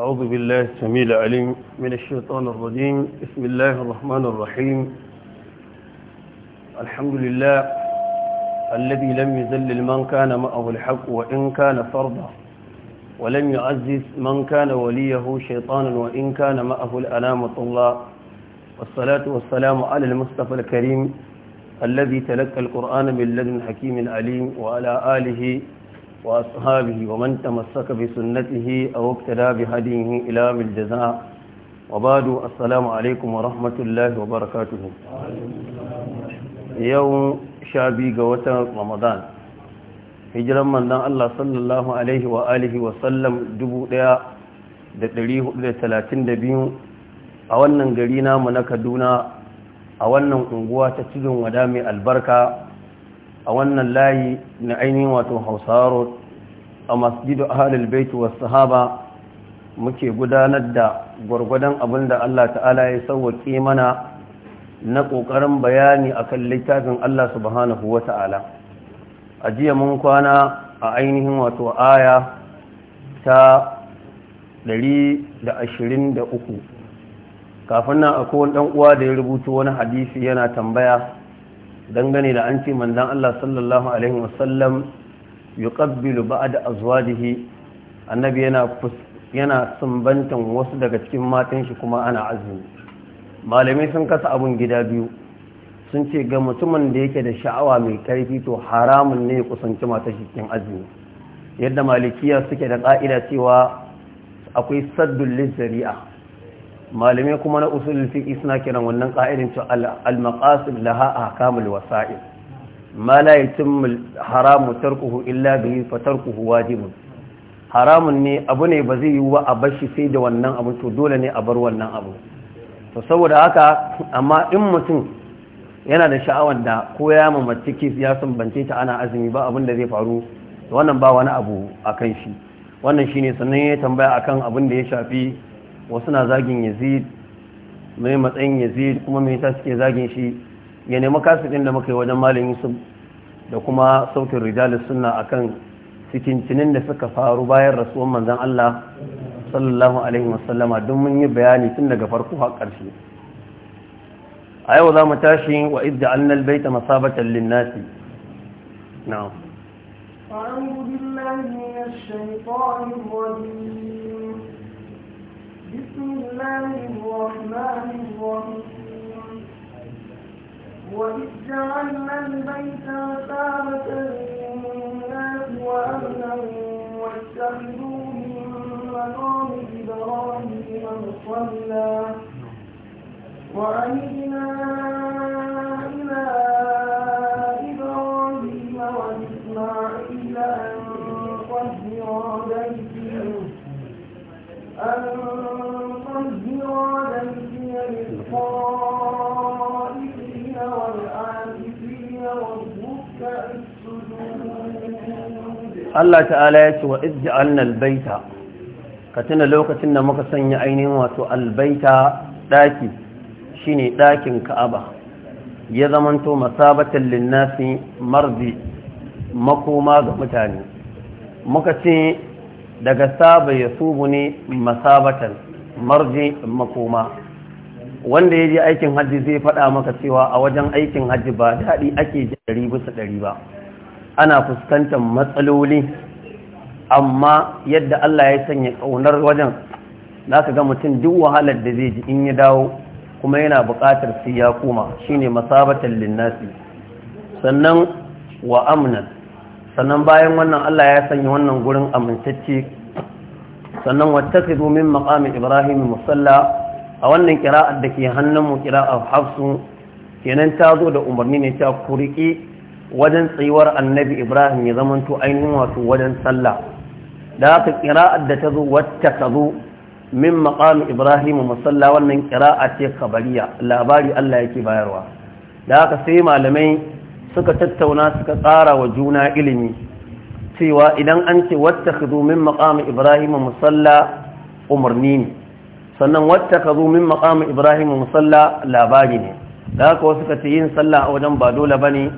أعوذ بالله السميع العليم من الشيطان الرجيم بسم الله الرحمن الرحيم الحمد لله الذي لم يذلل من كان معه الحق وإن كان فرضا ولم يعزز من كان وليه شيطانا وإن كان معه الألامة الله والصلاة والسلام على المصطفى الكريم الذي تلقى القرآن من لدن حكيم عليم وعلى آله وأصحابه ومن تمسك بسنته أو اقتدى بهديه إلى الجزاء وبعد السلام عليكم ورحمة الله وبركاته يوم شابي قوة رمضان hijiran manzon Allah sallallahu alaihi wa alihi wa sallam 1432 a wannan gari namu na Kaduna a wannan unguwa ta cikin wada mai albarka a wannan layi na ainihin wato hausarot a masjidu ahalul bait was sahaba muke gudanar da gwargwadon abin da Allah ta'ala ya sauwaƙe mana na ƙoƙarin bayani akan littafin Allah subhanahu wa ta'ala a jiya mun kwana a ainihin wato aya ta 123 kafin nan akwai wani uwa da ya rubuta wani hadisi yana tambaya dangane da an ce manzan Allah sallallahu Alaihi wasallam yuqabbilu ba'da azwajihi annabi yana yana sunbantan wasu daga cikin matan shi kuma ana azumi malamai sun kasa abun gida biyu sun ce ga mutumin da yake da sha'awa mai karfi to haramun ne ya kusanci matan shi cikin azumi yadda malikiya suke da ka'ida cewa akwai saddul lizari'a malamai kuma na usulul fiqh suna kiran wannan ka'idan cewa al-maqasid laha ahkamul wasa'il ما لا يتم الحرام tarkuhu illa به fa tarkuhu حرام haramun ne abu ne ba zai yiwu a bar sai da wannan abu to dole ne a bar wannan abu to saboda haka amma in mutum yana da sha'awar da ko ya mamaci kis ya sumbance ta ana azumi ba abin da zai faru wannan ba wani abu akan shi wannan shine sannan ya tambaya akan abin da ya shafi wasu na zagin yazid mai matsayin yazid kuma mai ta suke zagin shi ya nemi kasirin da muka yi wajen malin yusuf da kuma sautin rijalis suna akan cikin cinin da suka faru bayan rasuwan manzan Allah sallallahu alaihi wasallama don mun yi bayani tun daga farko har ƙarshe a yau za mu tashi wa idda annal baita masabatan linnasi na'am أعوذ بالله من الشيطان الرجيم بسم الله الرحمن الرحيم وإذ جعلنا البيت مثابة للناس وأمنا واتخذوا من إبراهيم مصلى وعهدنا إلى إبراهيم وإسماعيل أن طهرا بيتي أن طهرا بيتي للطائفين Allah ta'ala ya ce wa izja'alna baita, ka tuna lokacin da muka sanya ainihin wato albaita daki shine dakin Ka'aba ya zamanto masabatan linnasi marzi makoma ga mutane muka ce daga saba ya subu ne masabatan marzi makoma wanda ya je aikin hajji zai faɗa maka cewa a wajen aikin hajji ba daɗi ake ji ɗari bisa ɗari ba ana fuskantar matsaloli amma yadda Allah ya sanya ƙaunar wajen za ka ga mutum duk wahalar da zai ji in ya dawo kuma yana buƙatar sai ya koma shine masabatan linnasi sannan wa amnan sannan bayan wannan Allah ya sanya wannan gurin amintacce sannan wattakidu min maqami ibrahim musalla a wannan kira'ar da ke hannunmu kira'ar hafsu kenan ta zo da umarni ne ta kuriki wajen tsayuwar annabi ibrahim ya zamanto ainihin wato wajen sallah da haka kira'ar da ta zo wata ka zo min maƙamu ibrahim musalla wannan kira'a ce kabariya labari allah yake bayarwa da haka sai malamai suka tattauna suka tsara wa juna ilimi cewa idan an ce wata ka zo min maƙamu ibrahim musalla umarni ne sannan wata ka zo min makamin ibrahim musalla labari ne da haka wasu ce yin sallah a wajen ba dole ba ne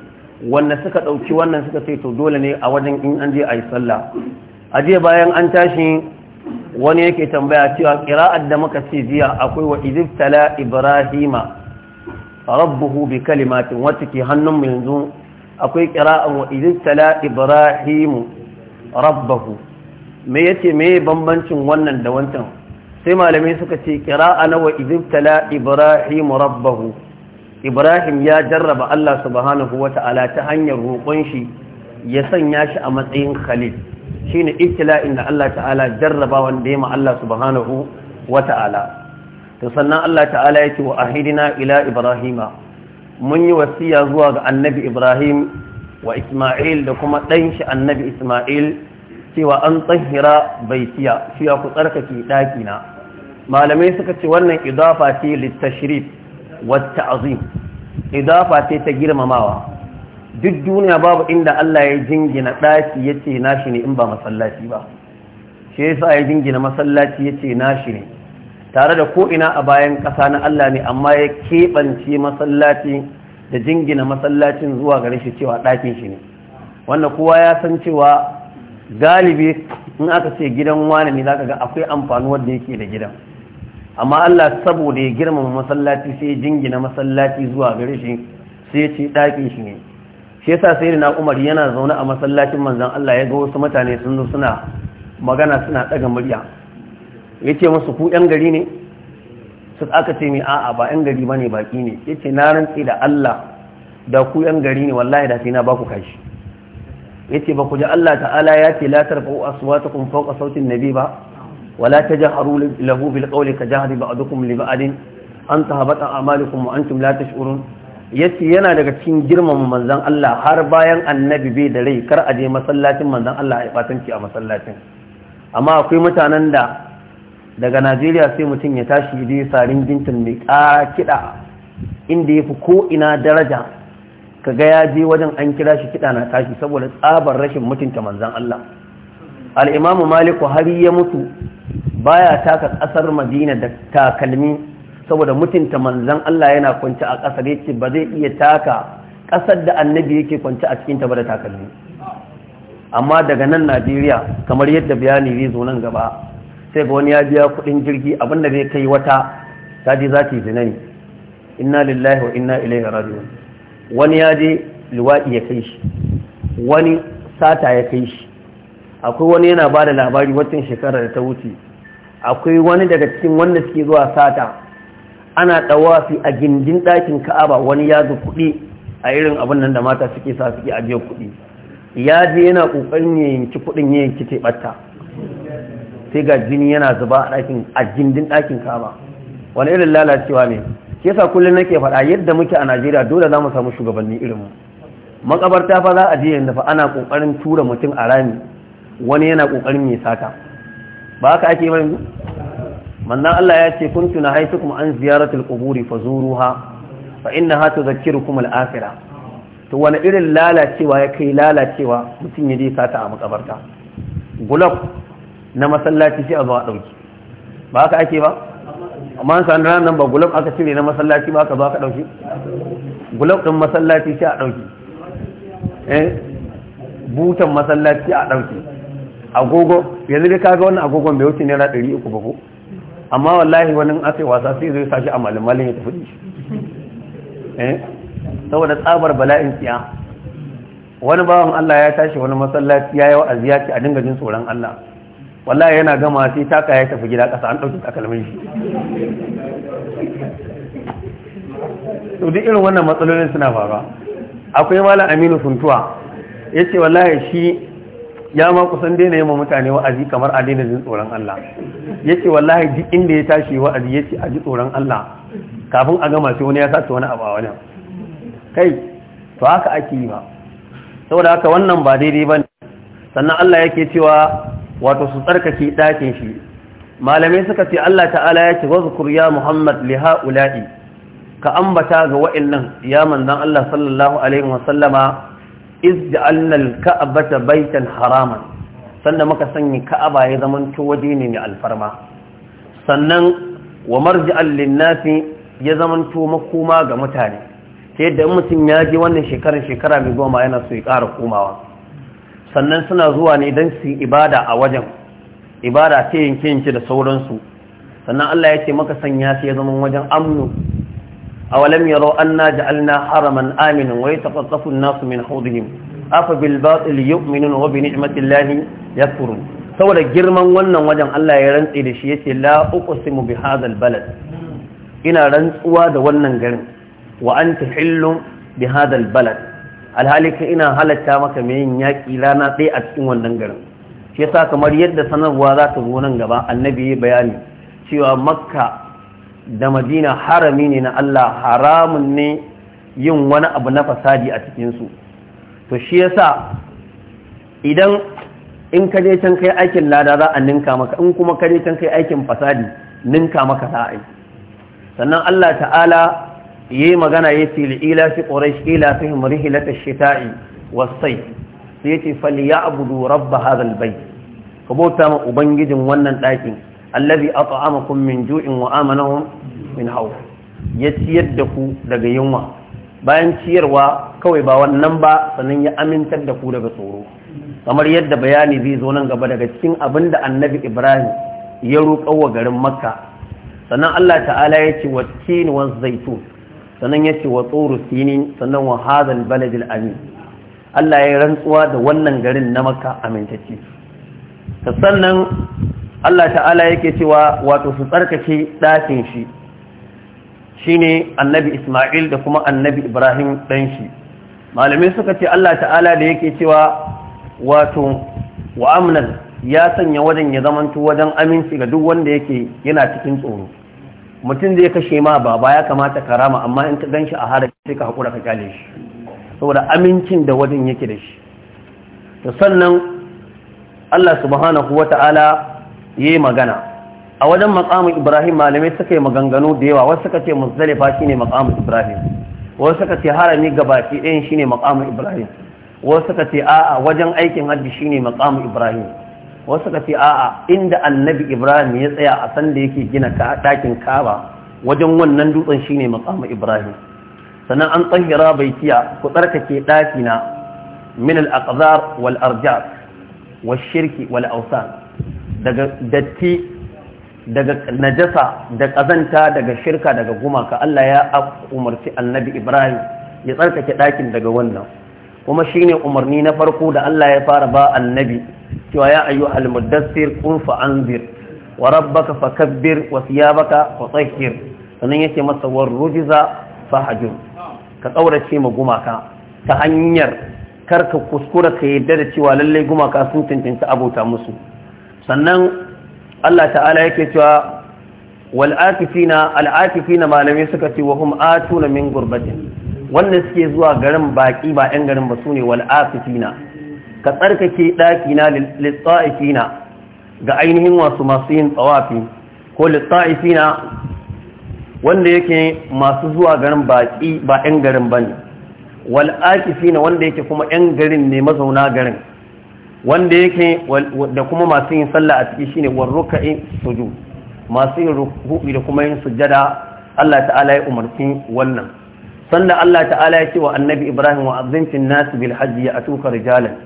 wanda suka ɗauki wannan suka ce to dole ne a wajen in an je a yi sallah a je bayan an tashi wani yake tambaya cewa ƙira'ar da muka ce jiya akwai wa iziftala ibrahima rabbuhu bi kalimatin wacce ke hannunmu yanzu akwai ƙira'an wa iziftala ibrahimu rabbahu me yace me bambancin wannan da wancan sai malamai suka ce kira'a nawa izibtala ibrahim rabbahu ibrahim ya jarraba Allah subhanahu wata'ala ta hanyar roƙon shi ya sanya shi a matsayin khalil shine ibtila'in inda Allah ta'ala jarraba wanda ya ma Allah subhanahu wata'ala to sannan Allah ta'ala yake wa ahidina ila ibrahima mun yi wasiya zuwa ga annabi ibrahim wa isma'il da kuma ɗan shi annabi isma'il cewa an tsahira baitiya shi ya ku tsarkake na malamai suka ce wannan idafa ce littashirif wata azim idafa ce ta girmamawa duk duniya babu inda Allah ya jingina ɗaki ya ce nashi ne in ba masallaci ba shi yasa ya jingina masallaci ya ce nashi ne tare da ko'ina a bayan ƙasa na Allah ne amma ya keɓance masallaci da jingina masallacin zuwa gare shi cewa ɗakin shi ne wanda kowa ya san cewa galibi in aka ce gidan wani ne za ka ga akwai amfani wanda yake da gidan amma Allah saboda ya girmama masallaci sai ya jingina masallaci zuwa gare shi sai ya ce ɗakin shi ne shi yasa sai na Umar yana zaune a masallacin manzon Allah ya ga wasu mutane sun zo suna magana suna ɗaga murya yace musu ku ɗan gari ne su aka ce mai a'a ba ɗan gari bane baki ne yace na rantsi da Allah da ku ɗan gari ne wallahi da sai na ba ku kashi yace ba ku ji Allah ta'ala ya ce la tarfa'u aswatakum fawqa sautin nabi ba ولا تجهروا له بالقول كجهر بعضكم لبعض أن تهبط أعمالكم وأنتم لا تشعرون yace yana daga cikin girmama manzon Allah har bayan annabi bai da rai kar a je masallacin manzon Allah ya batanci a masallacin amma akwai mutanen da daga Najeriya sai mutum ya tashi ya sarin bintan mai kiɗa inda ya fi ko ina daraja kaga ya je wajen an kira shi kiɗa na tashi saboda tsabar rashin mutunta manzon Allah al-Imam Malik har ya mutu baya taka ƙasar madina da takalmi saboda mutunta manzan Allah yana kwanci a ƙasar yake ba zai iya taka ƙasar da annabi yake kwanci a cikin ba da takalmi amma daga nan najeriya kamar yadda bayani zai zo nan gaba sai ga wani ya biya kuɗin jirgi abinda zai kai wata ta za ta yi zina ne inna lillahi wa inna ilaihi raji'un wani ya je luwaɗi ya kai shi wani sata ya kai shi akwai wani yana ba da labari watan shekarar da ta wuce akwai wani daga cikin wanda suke zuwa sata ana tawafi a gindin ɗakin ka'aba wani ya zo kuɗi a irin abin nan da mata suke sa suke ajiye kuɗi ya je yana ƙoƙarin ya yanki kuɗin ya yanki teɓata sai ga jini yana zuba a ɗakin a gindin ɗakin ka'aba wani irin lalacewa ne ke sa kullum nake faɗa yadda muke a najeriya dole za mu samu shugabanni irin mu makabarta fa za a je yadda fa ana ƙoƙarin tura mutum a rami wani yana ƙoƙarin ya sata ba haka ake yi mai mannan Allah ya ce kuntu na haitukum an ziyaratul quburi fazuruha fa innaha tudhakkirukum al-akhirah to wani irin lalacewa ya kai lalacewa mutum ya je sata a makabarta gulab na masallaci sai a zo a dauki ba haka ake ba amma an san ranar ba gulab aka cire na masallaci ba ka zo ka dauki gulab din masallaci sai a dauki eh butan masallaci a dauki agogo yanzu dai kaga wannan agogon bai wuce naira ɗari uku ba ko amma wallahi wani aka wasa sai zai sashi a malamalin ya tafi shi eh saboda tsabar bala'in tsiya wani bawan Allah ya tashi wani masallaci ya yi wa'azi ya a dinga jin tsoron Allah wallahi yana gama sai taka ya tafi gida ƙasa an dauki takalmin shi to duk irin wannan matsalolin suna faruwa akwai malam Aminu Funtuwa yace wallahi shi ya ma kusan daina yi mutane wa'azi kamar a daina jin tsoron Allah ya ce wallahi duk inda ya tashi wa'azi ya ce a ji tsoron Allah kafin a gama sai wani ya sace wani abu a wani kai to haka ake yi ba saboda haka wannan ba daidai ba ne. sannan Allah yake cewa wato su tsarkake ɗakin shi malamai suka ce Allah ta'ala ya ce wasu kurya Muhammad li ha'ula'i ka ambata ga wa'annan ya manzon Allah sallallahu alaihi wasallama izda annal ka'abata baitan haraman sanda muka sanya ka'aba ya zaman waje ne mai alfarma sannan wa marji'an lin-nasi ya zamanto to makoma ga mutane sai da mutum ya je wannan shekarar shekara mai goma yana so ya ƙara komawa sannan suna zuwa ne don su ibada a wajen ibada ta yanke yanke da sauransu sannan Allah ya ce maka sanya su ya zama wajen amnu أولم يروا أنا جعلنا حرما آمنا ويتخطف الناس من حوضهم أفبالباطل يؤمنون وبنعمة الله يكفرون saboda girman wannan wajen Allah ya rantse da shi yace la uqsimu bi hadhal balad ina rantsuwa da wannan garin wa anta hillum bi hadhal balad alhalika ina halatta maka mai yin yaki rana ɗaya a cikin wannan garin Shiyasa kamar yadda sanarwa za ta zo nan gaba annabi ya bayani cewa makka da madina harami ne na Allah haramun ne yin wani abu na fasadi a cikinsu to shi yasa idan in ka je can kai aikin lada za a ninka maka in kuma ka je can kai aikin fasadi ninka maka za a yi sannan Allah ta'ala yi magana ya ce ila fi shi ila fi murhilat ash-shita'i wasai sai ya ce abu rabb rabba hazal bai. ka bauta ma ubangijin wannan ɗakin allazi at'amakum min ju'in wa amanahum min khawf ya ciyar da ku daga yunwa bayan ciyarwa kawai ba wannan ba sannan ya amintar da ku daga tsoro kamar yadda bayani zai zo nan gaba daga cikin abin da annabi ibrahim ya roƙa wa garin makka sannan allah ta'ala ya ce wa wa zaitun sannan ya ce wa tsoro sinin sannan wa hadal baladil amin allah ya rantsuwa da wannan garin na makka amintacce sannan Allah ta'ala yake cewa wato su tsarkake ɗakin shi shine annabi Ismail da kuma annabi Ibrahim ɗan shi malamai suka ce Allah ta'ala da yake cewa wato wa amnan ya sanya wajen ya zamanto wajen aminci ga duk wanda yake yana cikin tsoro mutum zai kashe ma baba ya kamata ka rama amma in ka gan a haraji sai ka haƙura ka kyale shi saboda amincin da wajen yake da shi to sannan Allah subhanahu wa ta'ala yi magana a wajen makamin ibrahim malamai suka yi maganganu da yawa wasu suka ce muzdalifa shine makamin ibrahim wasu suka ce harami gabaki ɗayan shine makamin ibrahim wasu suka ce a'a wajen aikin hajji shine makamin ibrahim wasu suka ce a'a inda annabi ibrahim ya tsaya a sanda yake gina ɗakin kaba wajen wannan dutsen shine makamin ibrahim sannan an tsahira baitiya ku tsarkake ɗakina min al-aqdar wal arja wal shirki wal awsan daga datti daga najasa da kazanta daga shirka daga gumaka Allah ya umarci annabi Ibrahim ya tsarkake ɗakin daga wannan kuma shine umarni na farko da Allah ya fara ba annabi cewa ya al muddassir qum fa anzir wa rabbaka fakabbir wa thiyabaka fatahhir sannan yake masa war rujza fahjur ka kaurace ma gumaka ta hanyar karka kuskura ka yadda da cewa lalle gumaka sun tantance abota musu sannan Allah ta'ala yake cewa wal akifina al malamai suka ce wa hum atuna min gurbatin wannan suke zuwa garin baki ba ɗan garin ba sune wal akifina ka tsarkake daki na litsa'ifina ga ainihin wasu masu yin tsawafi ko litsa'ifina wanda yake masu zuwa garin baki ba ɗan garin bane wal akifina wanda yake kuma ɗan garin ne mazauna garin wanda yake da kuma masu yin sallah a ciki shine warruka'i sujud masu yin ruku'i da kuma yin sujada, Allah ta'ala ya umarci wannan sannan Allah ta'ala ya ce wa annabi Ibrahim wa azzimtin nas bil hajji ya atuka rijalan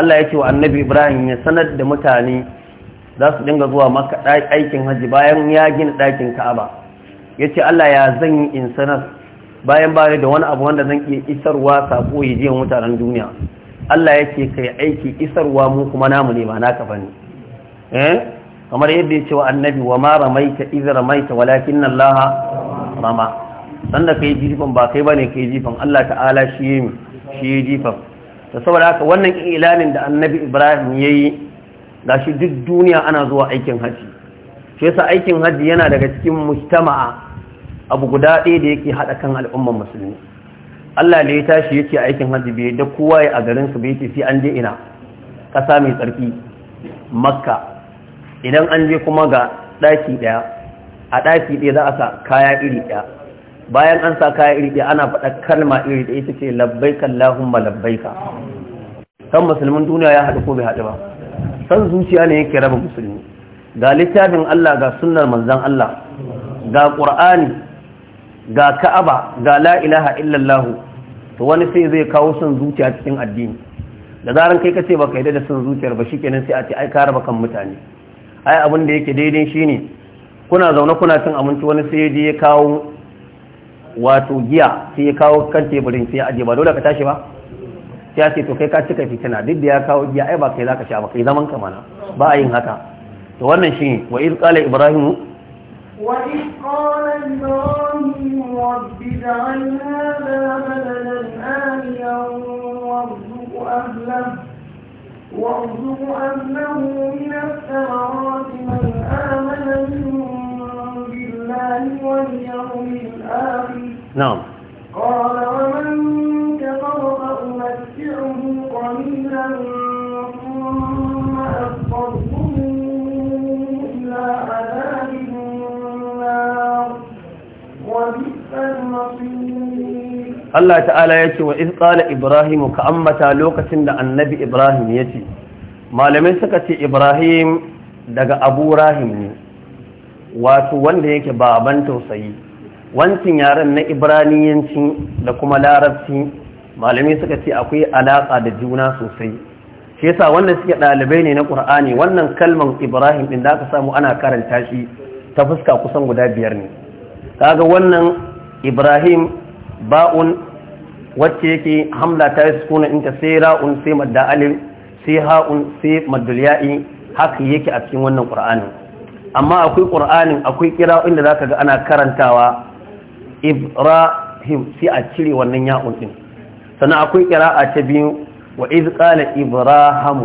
Allah ya ce wa annabi Ibrahim ya sanar da mutane za su dinga zuwa maka aikin haji bayan ya gina ɗakin Ka'aba yace Allah ya zan yi insanar bayan bare da wani abu wanda zan iya isarwa sako ya mutanen duniya Allah ya ce kai aiki isarwa mu kuma namu ne mana naka bane eh kamar yadda ya ce wa annabi wa ma ramaita iz ramaita walakin Allah rama sanda kai jifan ba kai bane kai jifan Allah ta'ala shi yi shi jifan to saboda haka wannan ilanin da annabi Ibrahim yayi gashi duk duniya ana zuwa aikin haji shi yasa aikin haji yana daga cikin mujtama'a abu guda ɗaya da yake haɗa kan al'ummar musulmi Allah da ya tashi yake aikin hajji bai da kowa ya a garin su bai sai an je ina ƙasa mai tsarki makka idan an je kuma ga ɗaki ɗaya a ɗaki ɗaya za a sa kaya iri ɗaya bayan an sa kaya iri ɗaya ana faɗa kalma iri ɗaya ita ce labbaika Allahumma labbaika Kan musulmin duniya ya haɗu ko bai haɗu ba san zuciya ne yake raba musulmi ga littafin Allah ga sunnar manzon Allah ga Qur'ani ga ka'aba ga la ilaha illallah to wani sai zai kawo son zuciya cikin addini da zaran kai kace baka yadda da son zuciyar ba shikenan sai a ce ai ka raba kan mutane ai abin da yake daidai shine kuna zaune kuna cin abinci wani sai je ya kawo wato giya sai ya kawo kan teburin sai ya aje ba dole ka tashi ba sai ya ce to kai ka cika fitina duk da ya kawo giya ai ba kai zaka sha ba kai zaman ka mana ba a yin haka to wannan shine wa iz qala ibrahimu وإذ قال إبراهيم رب اجعل هذا بلدا آمنا وارزق أهله وارزق أهله من الثمرات من آمن منهم بالله واليوم الآخر نعم قال ومن Allah ta'ala ya ce wa in tsala ibrahimu ka ammata lokacin da annabi ibrahim ya ce malamai suka ce ibrahim daga abu rahim ne wato wanda yake baban tausayi wancin yaren na ibraniyanci da kuma larabci malamai suka ce akwai alaƙa da juna sosai shi yasa wanda suke ɗalibai ne na ƙur'ani, wannan kalman ibrahim ɗin da aka samu ana karanta shi ta fuska kusan guda biyar ne kaga wannan ibrahim ba'un wacce yake hamla ta yi sukuna inta sai ra'un sai madda alif sai ha'un sai maddul haka yake a cikin wannan qur'anin amma akwai qur'anin akwai kira inda zaka ga ana karantawa ibrahim sai a cire wannan ya'un din sannan akwai qira'a ta biyu wa iz qala ibrahim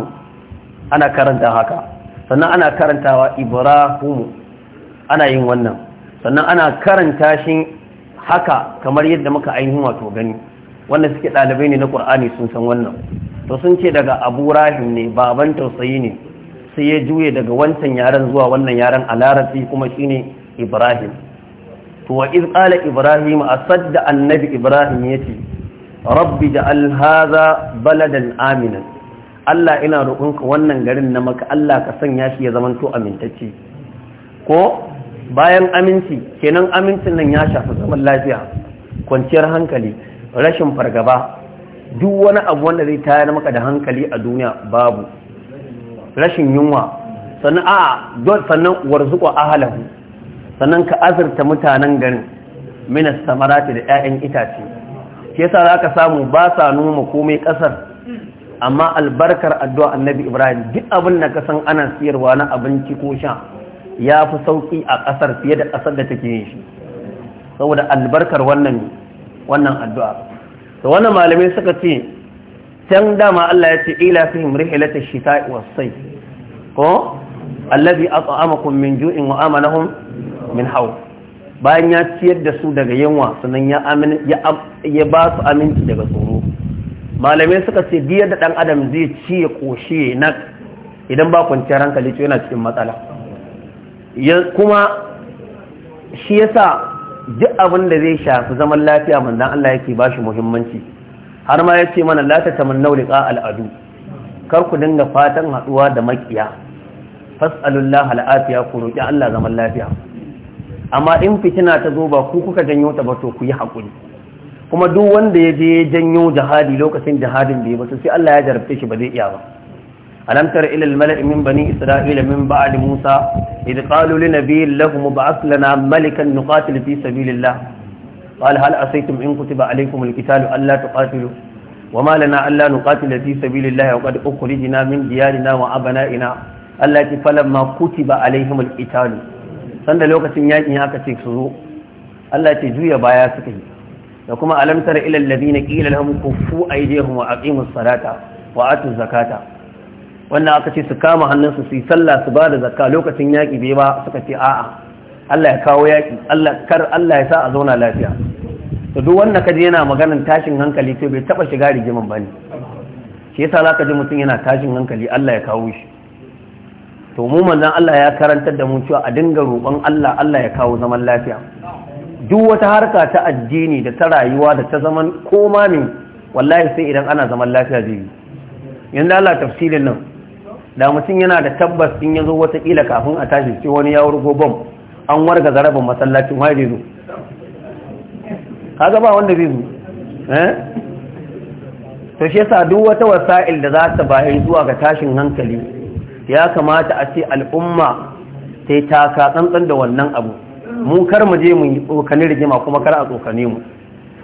ana karanta haka sannan ana karantawa ibrahim ana yin wannan sannan ana karanta shi haka kamar yadda muka ainihin wato gani wannan suke ɗalibai ne na ƙur'ani sun san wannan to sun ce daga abu rahim ne baban tausayi ne sai ya juye daga wancan yaren zuwa wannan yaren a larabci kuma shine ibrahim to wa iz qala ibrahim asad da annabi ibrahim yace rabbi ja'al hadha baladan aminan Allah ina roƙonka wannan garin na maka Allah ka sanya shi ya zamanto amintacce ko bayan aminci kenan amincin nan ya shafi zaman lafiya kwanciyar hankali rashin fargaba duk wani abu wanda zai tayar maka da hankali a duniya babu rashin yunwa sannan a sannan warzuqa ahalahu sannan ka azurta mutanen garin minas samarati da 'ya'yan itace shi yasa zaka samu ba sa noma komai kasar amma albarkar addu'a annabi ibrahim duk abin da ka san ana siyarwa na abinci ko sha ya fi sauƙi a ƙasar fiye da ƙasar da take yin shi saboda albarkar wannan wannan addu'a to wannan malamai suka ce can dama Allah ya ce ila fi fihim shi ta was wasai ko allazi at'amakum min ju'in wa amanahun min hau bayan ya ciyar da su daga yunwa sannan ya ya ba su aminci daga tsoro malamai suka ce biyar da ɗan adam zai ci ya koshi na idan ba kwanciyar hankali ce yana cikin matsala kuma shi yasa duk abin da zai shafi zaman lafiya manzon Allah yake bashi muhimmanci har ma yace mana la tatamannu liqa al'adu kar ku dinga fatan haduwa da makiya fas'alullaha al'afiya ku roki Allah zaman lafiya amma in fitina ta zo ba ku kuka janyo ta ba to ku yi hakuri kuma duk wanda ya je janyo jihadi lokacin jihadin bai ba sai Allah ya jarabce shi ba zai iya ba alam tara ila al min bani isra'ila min ba'd musa idh qalu li nabiyyin lahum ib'ath lana malikan nuqatil fi sabilillah قال هل أسيتم إن كتب عليكم القتال ألا تقاتلوا وما لنا ألا نقاتل في wa الله وقد أخرجنا من ديارنا وأبنائنا التي فلما كتب عليهم القتال sanda lokacin yakin ya kace su zo Allah ce juya baya suka yi da kuma alam tara ila alladhina qila lahum kuffu aydihim wa aqimus salata wa atuz zakata wannan aka ce su kama hannunsu su yi sallah su ba da zakka lokacin yaƙi bai ba suka ce a'a Allah ya kawo yaƙi Allah kar Allah ya sa a zauna lafiya to duk wanda kaje yana maganar tashin hankali to bai taba shiga rigiman bane shi yasa zaka ji mutum yana tashin hankali Allah ya kawo shi to mu manzon Allah ya karantar da mu cewa a dinga roƙon Allah Allah ya kawo zaman lafiya duk wata harka ta addini da ta rayuwa da ta zaman koma ne wallahi sai idan ana zaman lafiya zai yi yanzu Allah tafsirin nan da mutum yana da tabbas in ya zo watakila kafin a tashi ce wani ya wurgo bom an warga zarabin masallacin wa zai zo kaga ba wanda zai zo eh to shi yasa duk wata wasa'il da za ta bayar zuwa ga tashin hankali ya kamata a ce al'umma ta yi taka tsantsan da wannan abu mu kar mu je mu yi tsokani rigima kuma kar a tsokane mu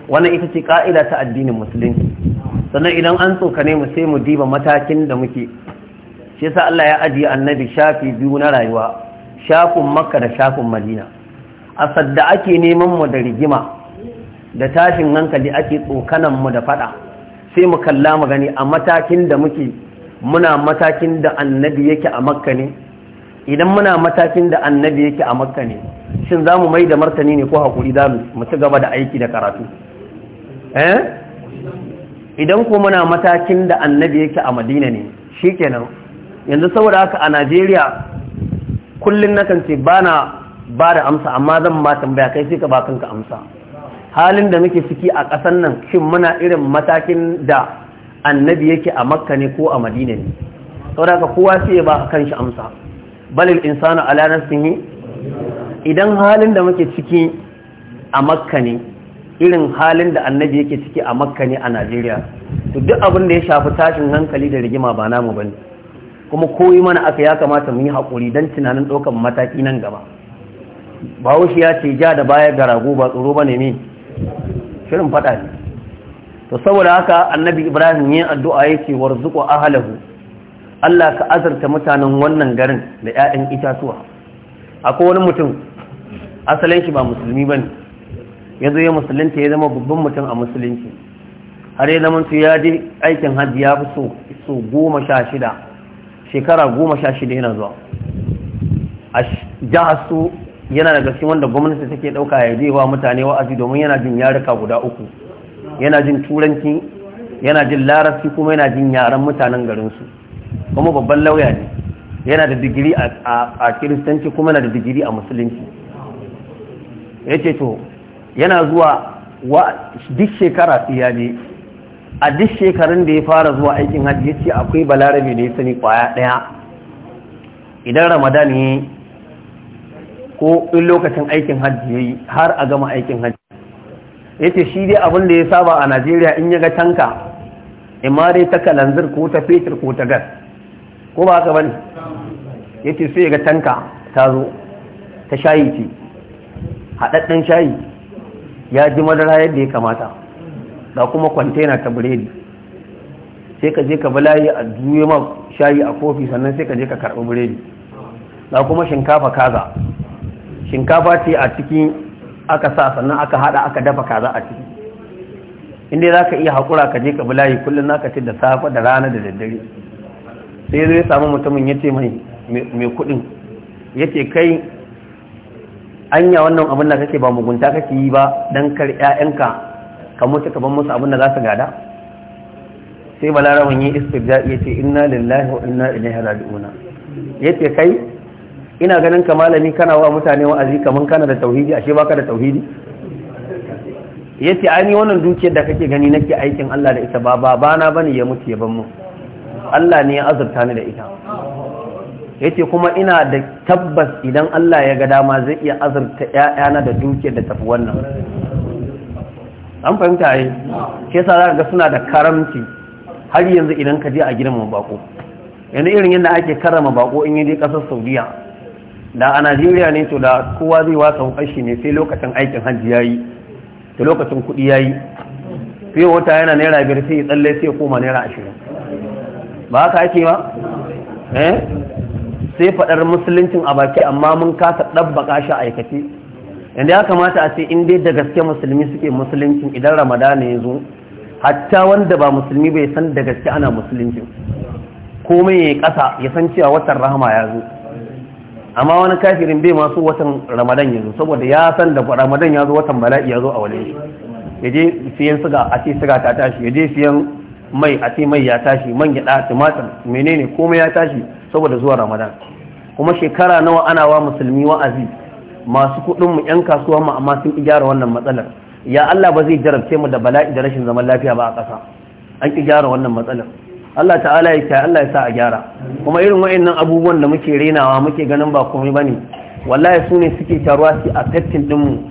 wannan ita ce ka'ida ta addinin musulunci sannan idan an tsokane mu sai mu diba matakin da muke shi yasa Allah ya ajiye annabi shafi biyu na rayuwa shafin makka da shafin madina a sadda ake neman mu da rigima da tashin hankali ake tsokanan mu da fada sai mu kalla mu gani a matakin da muke muna matakin da annabi yake a makka ne idan muna matakin da annabi yake a makka ne shin za mu mai da martani ne ko hakuri za mu ci gaba da aiki da karatu eh idan ko muna matakin da annabi yake a madina ne shikenan yanzu saboda haka a najeriya kullum na kan ce ba na ba da amsa amma zan ma tambaya kai sai ka ba kanka amsa halin da muke ciki a ƙasar nan shin muna irin matakin da annabi yake a makka ne ko a madina ne saboda haka kowa sai ya ba shi amsa balil insanu ala nafsihi idan halin da muke ciki a makka ne irin halin da annabi yake ciki a makka ne a najeriya to duk abin da ya shafi tashin hankali da rigima ba namu bane kuma koyi mana aka ya kamata mu yi haƙuri don tunanin ɗaukan mataki nan gaba bahaushe ya ce ja da baya ga rago ba tsoro ba ne ne shirin faɗa ne to saboda haka annabi ibrahim yin addu'a ya ce warzuqu ahlahu Allah ka azarta mutanen wannan garin da 'ya'yan itatuwa akwai wani mutum asalin shi ba musulmi ba ne ya zo ya musulunta ya zama babban mutum a musulunci har ya zama su ya je aikin hajji ya fi so goma sha shida shekara goma sha shida yana zuwa a jihar su yana daga cikin wanda gwamnati take ɗauka ya zai wa mutane wa'azi domin yana jin yaruka guda uku yana jin turanci yana jin larasi kuma yana jin yaren mutanen garinsu kuma babban lauya ne yana da digiri a kiristanci kuma yana da digiri a musulunci ya ce to yana zuwa duk shekara su a duk shekarun da ya fara zuwa aikin hajji ya ce akwai balarabe da ya sani kwaya ɗaya idan ramadan ne ko in lokacin aikin hajji ya yi har a gama aikin hajji ya ce shi dai abin da ya saba a najeriya in ya ga tanka imma ta kalanzir ko ta fetur ko ta gas ko ba haka bane ya ce sai ya ga tanka ta zo ta shayi ce haɗaɗɗen shayi ya ji madara yadda ya kamata ga kuma kwantena ta biredi sai ka je ka balaye a juye ma shayi a kofi sannan sai ka je ka karɓi biredi ga kuma shinkafa kaza shinkafa ce a cikin aka sa sannan aka hada aka dafa kaza a ciki inda za ka iya haƙura ka je ka balaye kullum za ka ce da safe da rana da daddare sai zai samu mutumin ya ce mai mai kuɗin ya ce kai anya wannan abin da kake ba mugunta kake yi ba don kar 'ya'yanka ka mutu ka ban musu abin da za su gada sai balarawan yi istirja ya ce inna lillahi wa inna ilaihi raji'una ce, kai ina ganin ka malami kana wa mutane wa'azi kamar kana da tauhidi ashe baka da tauhidi Ya ce ani wannan dukiyar da kake gani nake aikin Allah da ita ba ba na bane ya mutu ya ban mu Allah ne ya azurta ni da ita Ya ce, kuma ina da tabbas idan Allah ya ga dama zai iya azurta 'ya'yana da dukiyar da tafi wannan an fahimta yi ke sa za ga suna da karamci har yanzu idan ka je a girmama bako yanzu irin yadda ake karama bako in yaje kasar saudiya da a najeriya ne to da kowa zai wasa hukashi ne sai lokacin aikin hajji ya yi da lokacin kudi ya yi fiye wata yana naira biyar sai tsalle sai koma naira ashirin ba haka ake ba eh sai faɗar musuluncin a baki amma mun kasa ɗabbaka shi aikace yanda ya kamata a ce in dai da gaske musulmi suke musulunci idan ramadana ya zo hatta wanda ba musulmi bai san da gaske ana musulunci komai ya kasa ya san cewa watan rahama ya zo amma wani kafirin bai masu watan ramadan ya zo saboda ya san da ramadan ya zo watan bala'i ya zo a wani ya je siyan suga a ce suga ta tashi ya je siyan mai a ce mai ya tashi man gyaɗa tumatir menene komai ya tashi saboda zuwa ramadan kuma shekara nawa ana wa musulmi wa'azi masu kuɗin mu yan kasuwa mu amma sun gyara wannan matsalar ya Allah ba zai jarabce mu da bala'i da rashin zaman lafiya ba a ƙasa an ki gyara wannan matsalar Allah ta'ala ya kai Allah ya sa a gyara kuma irin wayannan abubuwan da muke renawa muke ganin ba komai bane wallahi su ne suke taruwa su a tattin mu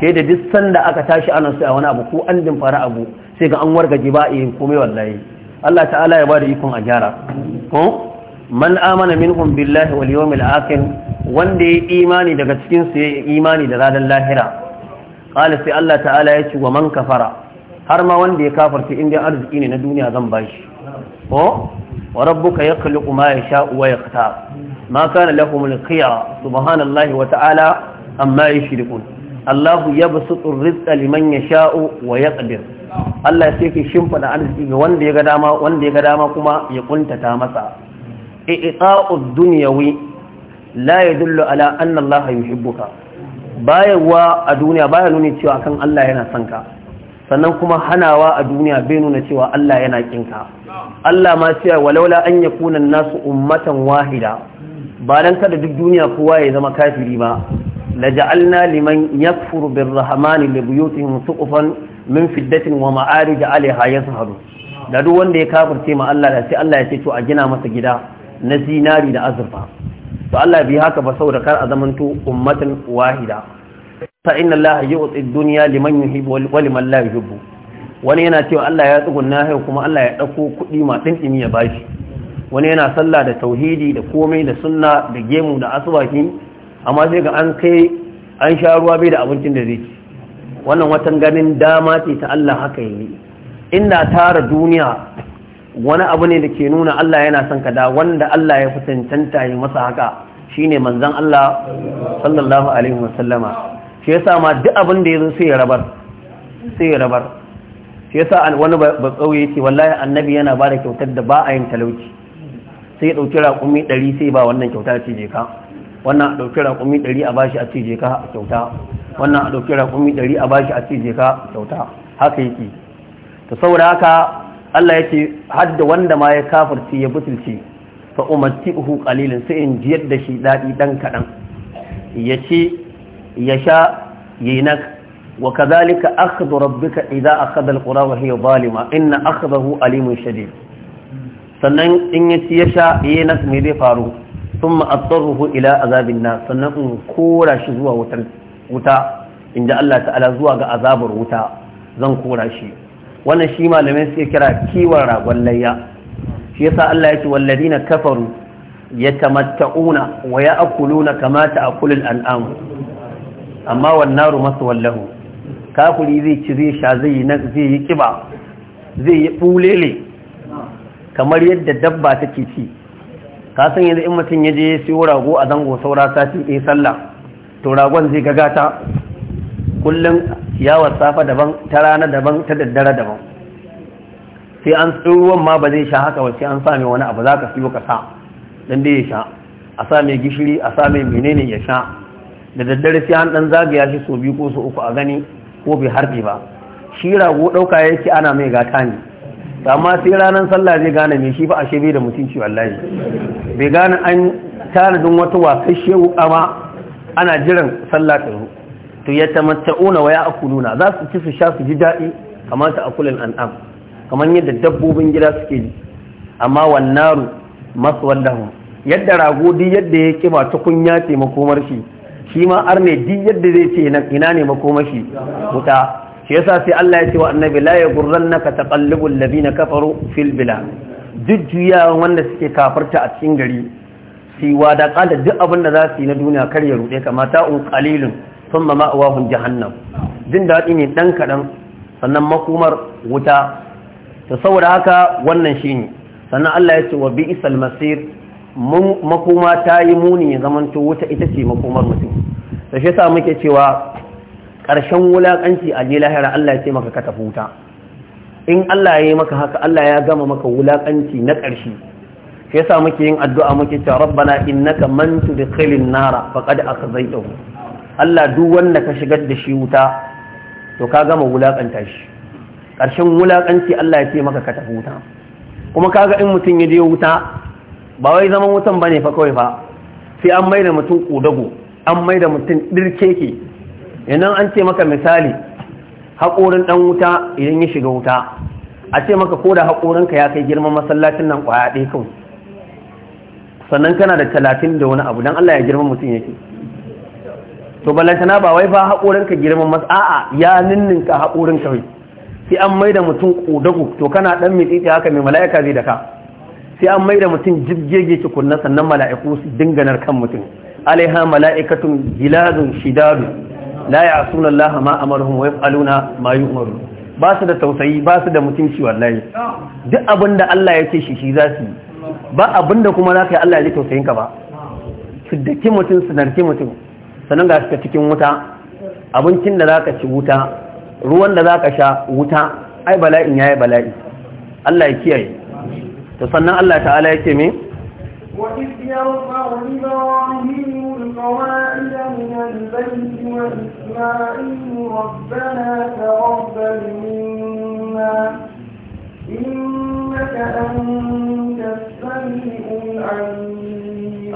sai da duk sanda aka tashi ana su a wani abu ko an dimfara abu sai ga an wargaje ba a yin komai wallahi Allah ta'ala ya ba da ikon a gyara ko man amana minhum billahi wal yawmil akhir wanda ya imani daga cikin su ya imani da ranar lahira qala sai Allah ta'ala ya ci wa man kafara har ma wanda ya in inda arziki ne na duniya zan bashi ko wa rabbuka yakhluqu ma yasha wa yaqtar ma kana lahum al khiyara subhanallahi wa ta'ala amma yushrikun Allah yabsutu ar-rizqa liman yasha'u wa yaqdir Allah sai ke shimfida arziki ga wanda ya ga dama wanda ya ga dama kuma ya kuntata masa i'ta'ud dunyawi la yadullu ala anna Allah yuhibbuka bayarwa a duniya baya nuna cewa akan Allah yana son ka sannan kuma hanawa a duniya bai nuna cewa Allah yana kinka Allah ma cewa walaula an yakuna nasu ummatan wahida ba dan kada duk duniya kowa ya zama kafiri ba لجعلنا لمن يكفر بالرحمن لبيوتهم سقفا من فدة ومعارج عليها يظهر da duk wanda ya kafirce ma Allah da sai Allah ya ce to a gina masa gida na zinari da azurfa Ba Allah bi haka ba saboda kar a zamanto ummatin wahida A inna Allah yu'ti ad-dunya liman yuhibbu wa liman la yuhibbu wani yana cewa Allah ya tsugunna hai kuma Allah ya ɗauko kuɗi masu dindimi ya bashi wani yana sallah da tauhidi da komai da sunna da gemu da aswaki amma sai ga an kai an sha ruwa bai da abincin da zai ci wannan watan ganin dama ce ta Allah haka yi inda tara duniya wani abu ne da ke nuna Allah yana son ka da wanda Allah ya fi cancanta yi masa haka shine manzon Allah sallallahu alaihi wasallama shi yasa ma duk abin da yazo sai ya rabar sai ya rabar shi yasa wani ba kauye yace wallahi annabi yana ba da kyautar da ba a yin talauci sai ya dauki raƙumi 100 sai ba wannan kyauta ce je ka wannan a dauki raƙumi 100 a bashi a ce je ka kyauta wannan a dauki raƙumi 100 a bashi a ce je ka kyauta haka yake to saboda haka Allah ya ce hadda wanda ma ya kafarci ya butulce fa umatti'uhu kalilin sai in jiyar da shi daɗi ɗan kaɗan ya ce ya sha yinak wa kadhalika akhdhu rabbika idza akhadha alqura wa hiya zalima inna akhdahu alimun shadid sannan in ya ya sha yinak me zai faru thumma attaruhu ila azabin nar sannan in kora shi zuwa wuta inda Allah ta'ala zuwa ga azabar wuta zan kora shi wannan shi malamai suke kira kiwon ragon layya shi yasa Allah ya ce na kafaru yatamatta'una wa kamata a ta'kulul al'amu? amma wan naru maswallahu kafiri zai ci zai sha zai yi kiba zai yi bulele kamar yadda dabba take ci ka san yanzu in mutum ya je ya siyo rago a zango saura sati a sallah to ragon zai gagata kullum yawar safa daban ta rana daban ta daddare daban sai an tsoron ma ba zai sha haka wasu an sami wani abu za ka siyo ka sa don da ya sha a sa mai gishiri a sa mai menene ya sha da daddare sai an dan zagaya shi so biyu ko so uku a gani ko bai harbe ba shi rago ɗauka yake ana mai gata ne amma sai ranar sallah zai gane mai shi ba a shebe da mutunci wallahi bai gane an tanadin wata wasa wuka ma ana jiran sallah ta zo to ya tamatta'una wa ya'kuluna za su ci su sha su ji daɗi kamar ta akulul an'am kamar yadda dabbobin gida suke ji amma wannaru maswallahum yadda rago duk yadda ya kima tukunya ce makomar shi shi ma arne duk yadda zai ce ina ne makomar shi wuta shi yasa sai Allah ya ce wa annabi la yaghurrannaka taqallubul ladina kafaru fil bilad jujjuya wanda suke kafarta a cikin gari siwa da duk abin da za su yi na duniya kar ya rude kamata un qalilun ma ma'awahum jahannam jin daɗi ne dan kaɗan sannan makumar wuta to saboda haka wannan ne, sannan Allah ya ce wa bi'sal masir makoma ta yi muni ya zamanto wuta ita ce makumar mutum da shi sa muke cewa ƙarshen wulaƙanci a je lahira Allah ya ce maka ka tafi wuta in Allah ya yi maka haka Allah ya gama maka wulaƙanci na ƙarshe shi sa muke yin addu'a muke cewa rabbana innaka man tudkhilin nara faqad akhzaytahu Allah duk wanda ka shigar da shi wuta to ka gama wulakanta shi ƙarshen wulakanci Allah ya ce maka ka tafi wuta kuma kaga in mutum ya je wuta ba wai zaman wutan ba ne fa kawai fa sai an maida mutum kodago an maida mutum dirkeke yanzu an ce maka misali haƙorin ɗan wuta idan ya shiga wuta a ce maka ko da haƙorinka ya kai girman masallacin nan ƙwaya ɗaya kawai sannan kana da talatin da wani abu don Allah ya girman mutum yake to balantana ba wai fa haƙorinka girman masu a'a ya ninninka haƙorinka wai sai an mai da mutum ƙodago to kana ɗan mitsitsi haka mai mala'ika zai da ka sai an mai da mutum jibgege tukunna sannan mala'iku su dinganar kan mutum alaiha mala'ikatun giladun shidadu la suna Allah ma amaruhum wai aluna ma umaru ba su da tausayi ba su da mutunci wallahi duk abinda Allah ya ce shi shi za su yi ba abinda kuma za ka yi Allah ya ji tausayinka ba su daki mutum su narki mutum sannan ga suka cikin wuta abincin da za ka ci wuta ruwan da za ka sha wuta ai bala'in ya yi bala'i Allah ya kiyaye to sannan Allah ta'ala ya ce me وإذ يرفع إبراهيم القواعد من البيت وإسماعيل ربنا تقبل منا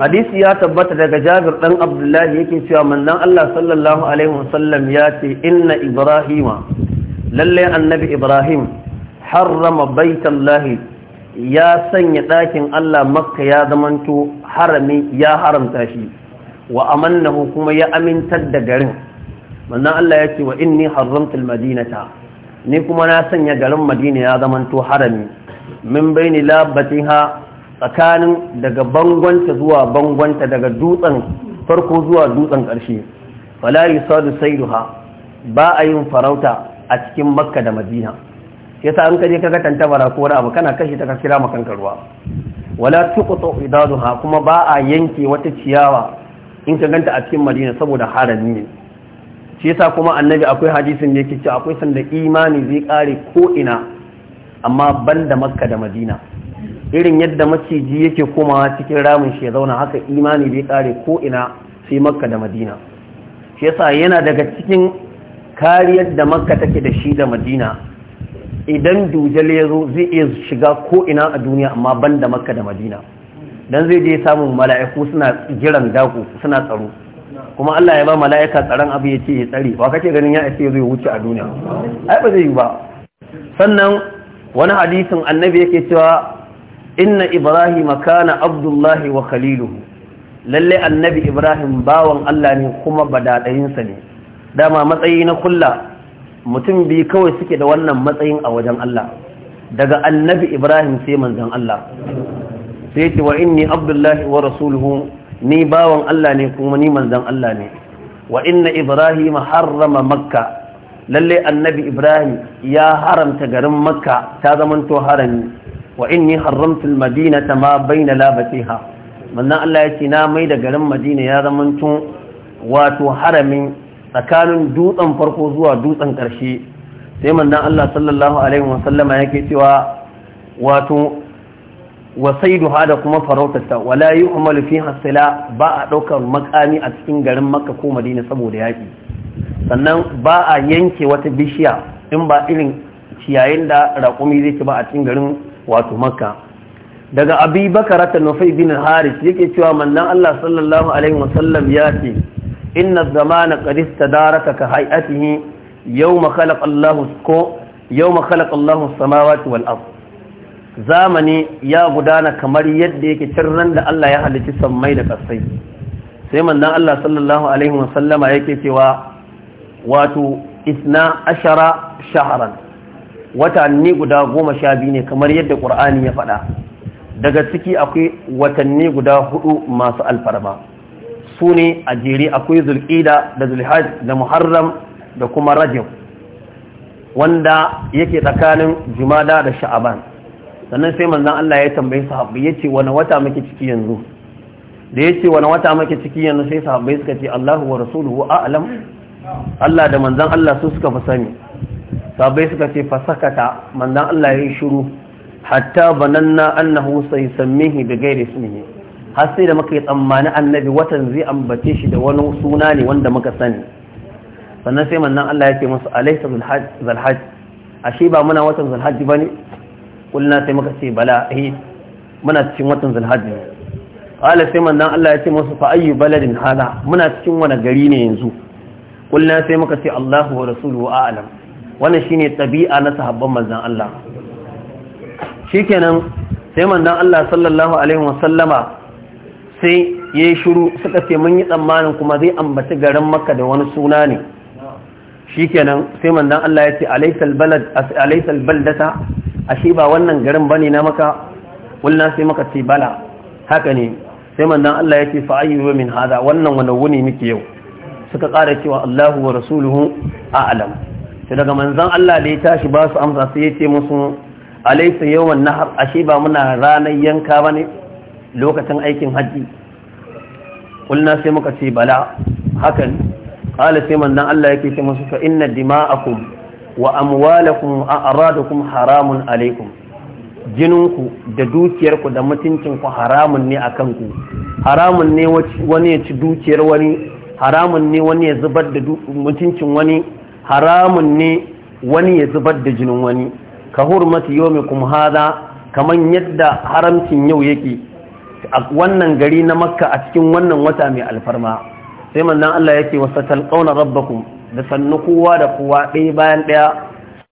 hadisi ya tabbata daga jabir dan abdullahi yake cewa manzon Allah sallallahu alaihi wasallam ya ce inna ibrahima lalle annabi ibrahim harrama baitallahi ya sanya dakin Allah makka ya zamanto harami ya haramta shi wa amannahu kuma ya amintar da garin manzon Allah ya ce wa inni haramta madinata ni kuma na sanya garin madina ya zamanto harami min baini ha tsakanin daga bangonta zuwa bangonta daga dutsen farko zuwa dutsen ƙarshe wala yusadu sayduha ba a yin farauta a cikin makka da madina yasa an kaje kaga tantabara ko wani abu kana kashi ta kira makan ruwa wala tuqtu idaduha kuma ba a yanke wata ciyawa in ka ganta a cikin madina saboda harami ne shi yasa kuma annabi akwai hadisin da yake cewa akwai sanda imani zai kare ko ina amma banda makka da madina irin yadda maciji yake komawa cikin ramin shi ya zauna haka imani zai kare ko ina sai makka da madina shi yasa yana daga cikin kariyar da makka take da shi da madina idan dujal ya zo zai iya shiga ko ina a duniya amma banda makka da madina dan zai je samun mala'iku suna jiran daku suna tsaro kuma Allah ya ba mala'ika tsaron abu ya ce ya tsare ba kake ganin ya ce zai wuce a duniya ai ba zai yi ba sannan wani hadisin annabi yake cewa inna ibrahim kana abdullahi wa khaliluhu lalle annabi ibrahim bawan Allah ne kuma badadayinsa ne dama matsayi na kulla mutum biyu kawai suke da wannan matsayin a wajen Allah daga annabi ibrahim sai manzon Allah sai ce wa inni abdullahi wa rasuluhu ni bawan Allah ne kuma ni manzan Allah ne wa inna ibrahim harrama makka lalle annabi ibrahim ya haramta garin makka ta zamanto harami wa inni haramta almadinata ma baina labatiha manzan Allah yace na mai da garin madina ya zamanto wato haramin tsakanin dutsen farko zuwa dutsen ƙarshe sai manzan Allah sallallahu alaihi wasallama yake cewa wato Wasai, duha da kuma farautarta wala yu'malu fi hasila ba a ɗaukar makami a cikin garin makka ko madina saboda yaƙi sannan ba a yanke wata bishiya in ba irin ciyayin da raƙumi zai ci ba a cikin garin wato makka daga abi bakara ta nufai bin haris yake cewa mannan allah sallallahu alaihi wasallam ya ce inna zamana qad daraka ka hay'atihi yawma khalaqa allah ko yawma khalaqa allah samawati wal ardh zamani ya gudana kamar yadda yake cirran da Allah ya halici sammai da ƙasai sai mannan Allah sallallahu alaihi wasallama yake cewa wato isna ashara shaharan watanni guda goma sha biyu ne kamar yadda ƙur'ani ya faɗa daga ciki akwai watanni guda hudu masu alfarma su ne a jere akwai zulƙida da zulhaj da muharram da kuma rajab wanda yake tsakanin jumada da sha'aban sannan sai manzon Allah ya tambayi tambaye ya ce wani wata muke ciki yanzu da ya ce wani wata muke ciki yanzu sai sahabbai suka ce Allahu wa rasuluhu a'lam Allah da manzon Allah su suka fa sani sahabbai suka ce fa sakata manzon Allah ya yi shiru hatta bananna annahu saysammihi bi ghairi ismihi har sai da muka yi tsammani annabi watan zai ambace shi da wani suna ne wanda muka sani sannan sai manzon Allah ya ce musu alaysa zal hajj ashe ba muna watan zal hajj bane kulna sai muka ce bala eh muna cikin watan zulhajji qala sai manzon Allah ya ce musu fa ayyu baladin hada muna cikin wani gari ne yanzu kulna sai muka ce Allahu wa rasuluhu a'lam wannan shine tabi'a na sahabban manzon Allah shikenan sai manzon Allah sallallahu alaihi wasallama sai ya yi shuru suka ce mun yi tsammanin kuma zai ambaci garin maka da wani suna ne shi kenan sai mandan Allah ya ce alaisal baldata ashe ba wannan garin bane na maka kulna sai maka ce bala haka ne sai manzon Allah ya ce fa ayyu min hada wannan wani wuni muke yau suka ƙara cewa Allahu wa rasuluhu a'lam sai daga manzon Allah da ya tashi ba su amsa sai ya ce musu alaysa yawman nahar ashe ba muna ranar yanka bane lokacin aikin haji kulna sai muka ce bala hakan qala sai manzon Allah yake ce musu fa inna dima'akum wa amwalakum a aradakum haramun alaikum jininku da dukiyarku da mutuncinku haramun ne a kanku haramun ne wani ya ci dukiyar wani haramun ne wani ya zubar da mutuncin wani haramun ne wani ya zubar da jinin wani ka hurmati kuma hada kamar yadda haramcin yau yake a wannan gari na makka a cikin wannan wata mai alfarma sai manzon Allah yake wasa talqauna rabbakum da sannu kowa da kowa ɗaya bayan ɗaya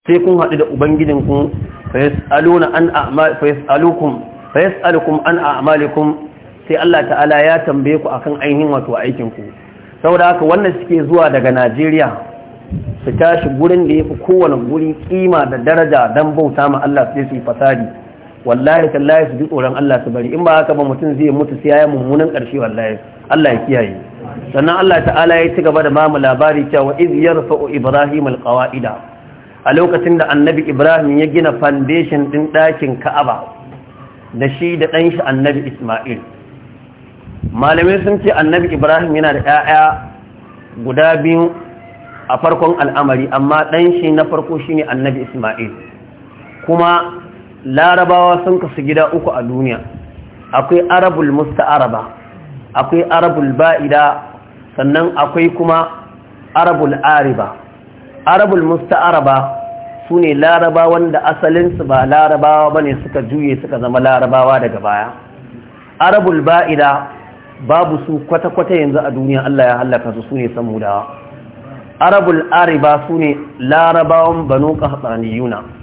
sai kun haɗu da ubangidinku fa an sai Allah ta'ala ya tambaye ku akan ainihin wato aikinku. ku saboda haka wannan suke zuwa daga Najeriya su tashi gurin da yafi kowane guri kima da daraja dan bauta ma Allah sai su fasari wallahi tallahi su ji tsoron Allah su bari in ba haka ba mutum zai mutu sai ya mummunan ƙarshe wallahi Allah ya kiyaye sannan Allah ta'ala ya ci gaba da mu labari cewa iz yarfa'u ibrahim alqawaida a lokacin da annabi ibrahim ya gina foundation din ɗakin ka'aba da shi da ɗan shi annabi isma'il malamai sun ce annabi ibrahim yana da 'ya'ya guda biyu a farkon al'amari amma ɗan shi na farko shine annabi isma'il kuma larabawa sun kasu gida uku a duniya akwai arabul musta'araba akwai arabul ba'ida sannan akwai kuma arabul ariba arabul musta'araba su ne larabawan da asalinsu ba larabawa ba ne suka juye suka zama larabawa daga baya arabul ba'ida babu su kwata-kwata yanzu a duniya Allah ya hallaka su su ne samudawa arabul ariba su ne larabawan banu ƙasaniyuna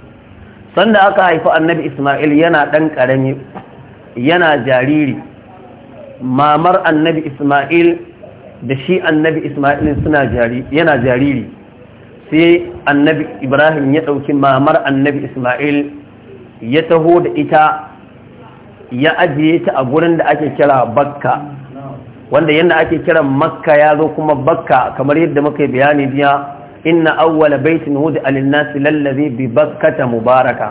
sanda aka haifi annabi isma'il yana ɗan ƙarami yana jariri mamar annabi isma'il da shi annabi isma'il yana jariri sai annabi ibrahim ya ɗauki mamar annabi isma'il ya taho da ita ya ajiye ta a gurin da ake kira bakka wanda yadda ake kira makka ya zo kuma bakka kamar yadda muka yi bayani jiya inna awwala baitin wudi'a lin-nasi lallazi bi bakkata mubaraka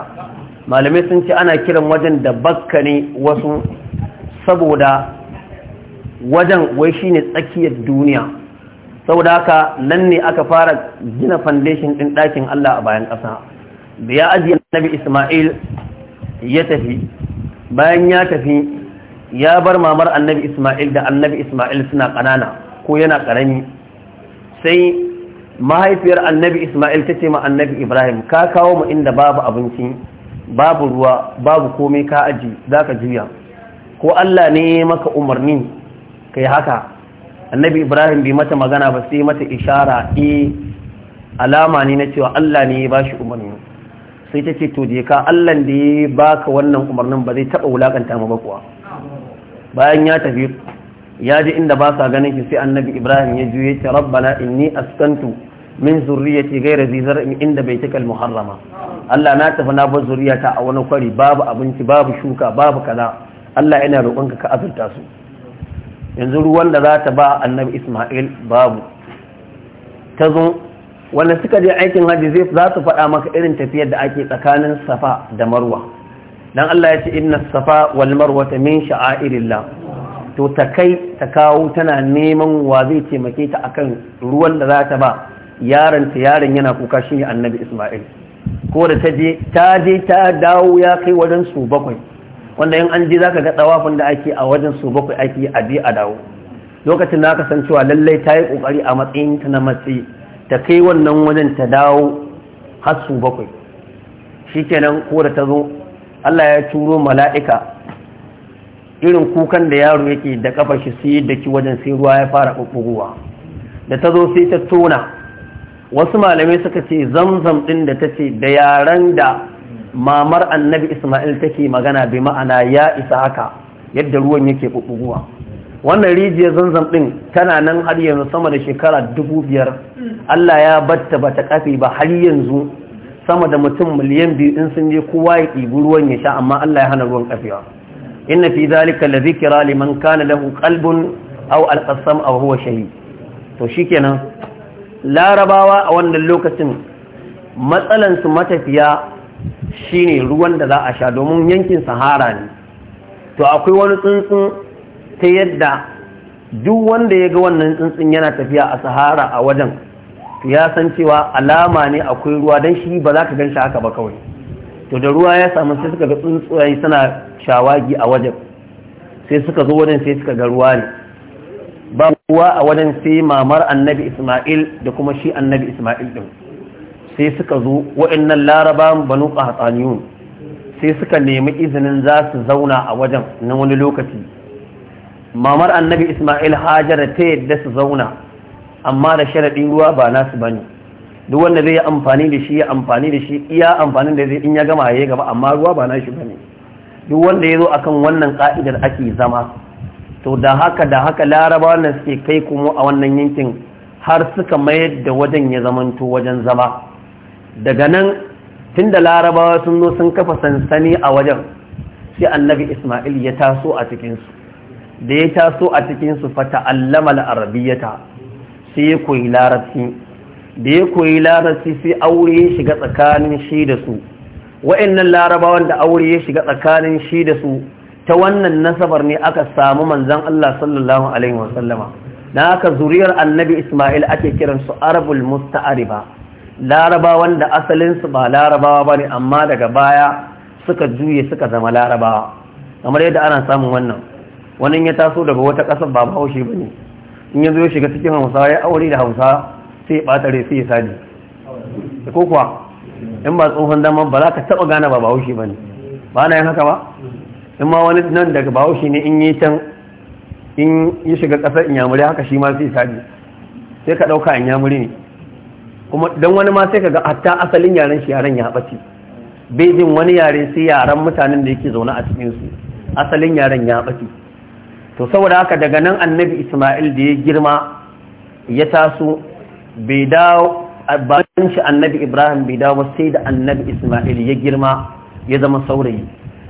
malamai sun ce ana kiran wajen da bakka ne wasu saboda wajen wai shine tsakiyar duniya saboda haka nan ne aka fara gina foundation din ɗakin Allah a bayan ƙasa da ya ajiye Annabi Isma'il ya tafi bayan ya tafi ya bar mamar Annabi Isma'il da Annabi Isma'il suna ƙanana ko yana ƙarami sai mahaifiyar annabi isma'il ta ce ma annabi ibrahim ka kawo mu inda babu abinci babu ruwa babu komai ka aji za ka juya ko allah ne maka umarni ka yi haka annabi ibrahim bai mata magana ba sai mata ishara e alama ne na cewa allah ne ya ba shi umarni sai ta ce to je ka allah da ya baka wannan umarnin ba zai taba wulakanta ma ba kuwa bayan ya tafi ya ji inda ba sa ganin shi sai annabi ibrahim ya juye ce rabbana inni askantu min zurriyati ghayra zi zar'in inda baitikal muharrama Allah na tafi na bar zuriyata a wani kwari babu abinci babu shuka babu kaza Allah yana roƙonka ka azurta su yanzu ruwan da za ta ba annabi isma'il babu ta zo wanda suka je aikin hajji zai za su faɗa maka irin tafiyar da ake tsakanin safa da marwa dan Allah ya ce inna safa wal marwa min sha'airillah to ta kai ta kawo tana neman wa zai taimake ta akan ruwan da za ta ba yaron ta yaron yana kuka shi annabi Isma'il ko da ta je ta je ta dawo ya kai wajen su bakwai wanda in an je zaka ga tsawafin da ake a wajen su bakwai ake a je a dawo lokacin da aka san cewa lallai ta yi kokari a matsayin ta na matsi ta kai wannan wajen ta dawo har su bakwai shikenan ko da ta zo Allah ya turo mala'ika irin kukan da yaro yake da kafa shi sai da ki wajen sai ruwa ya fara bubbuguwa da tazo sai ta tona wasu malamai suka ce zamzam ɗin da tace da yaran da mamar annabi ismail take magana bai ma'ana ya isa haka yadda ruwan yake bubbuguwa wannan rijiyar zanzam ɗin tana nan har yanzu sama da shekara dubu biyar allah ya batta bata kafi kafe ba har yanzu sama da mutum miliyan biyu in sun je kowa ya ɗibi ruwan ya sha amma allah ya hana ruwan kafewa inna fi zalika la zikra liman kana lahu qalbun aw alqasam aw huwa shahid to shikenan larabawa a wannan lokacin matsalan su matafiya shine ruwan da za a sha domin yankin sahara ne to akwai wani tsuntsun ta yadda duk wanda ya ga wannan tsuntsun yana tafiya a sahara a wajen ya san cewa alama ne akwai ruwa don shi ba za ka gan shi haka ba kawai to da ruwa ya samu sai suka ga tsuntsaye suna shawagi a wajen sai suka zo wajen sai suka ga ruwa ne ba ruwa a wajen sai mamar annabi isma'il da kuma shi annabi isma'il din sai suka zo waɗannan laraban banu qahtaniyun sai suka nemi izinin za su zauna a wajen na wani lokaci mamar annabi isma'il hajara ta yadda su zauna amma da sharaɗin ruwa ba nasu bane duk wanda zai yi amfani da shi ya amfani da shi iya amfanin da zai in ya gama ya gaba amma ruwa ba nashi bane duk wanda ya zo a kan wannan ka'idar ake zama to da haka da haka laraba wannan suke kai kuma a wannan yankin har suka mayar da wajen ya zamanto wajen zama daga nan tun da larabawa sun zo sun kafa sansani a wajen sai annabi ismail ya taso a cikinsu da ya taso a cikinsu fata allama al'arabiyyata sai ya koyi larabci da ya koyi larabci sai aure ya shiga tsakanin shi da su wa'annan larabawan da aure ya shiga tsakanin shi da su ta wannan nasabar ne aka samu manzan Allah sallallahu alaihi wasallama na aka zuriyar annabi Ismail ake kiran su arabul musta'ariba larabawan da asalinsu ba larabawa ne amma daga baya suka juye suka zama larabawa kamar yadda ana samun wannan Wani ya taso daga wata ƙasar ba bahaushe bane in ya zo ya shiga cikin hausa ya aure da hausa sai ya ɓata sai ya sadi ko kuwa in ba tsohon dama ba za ka taɓa gane ba bahaushe ba ne ba na yin haka ba in ma wani nan daga bahaushe ne in yi can in yi shiga ƙasar inyamuri haka shi ma sai sadi sai ka ɗauka inyamuri ne kuma don wani ma sai ka ga hatta asalin yaren shi yaren ya haɓace. bai jin wani yare sai yaren mutanen da yake zaune a cikinsu asalin yaren ya haɓace. to saboda haka daga nan annabi isma'il da ya girma ya taso bai dawo bayan shi annabi ibrahim bai dawo sai da annabi isma'il ya girma ya zama saurayi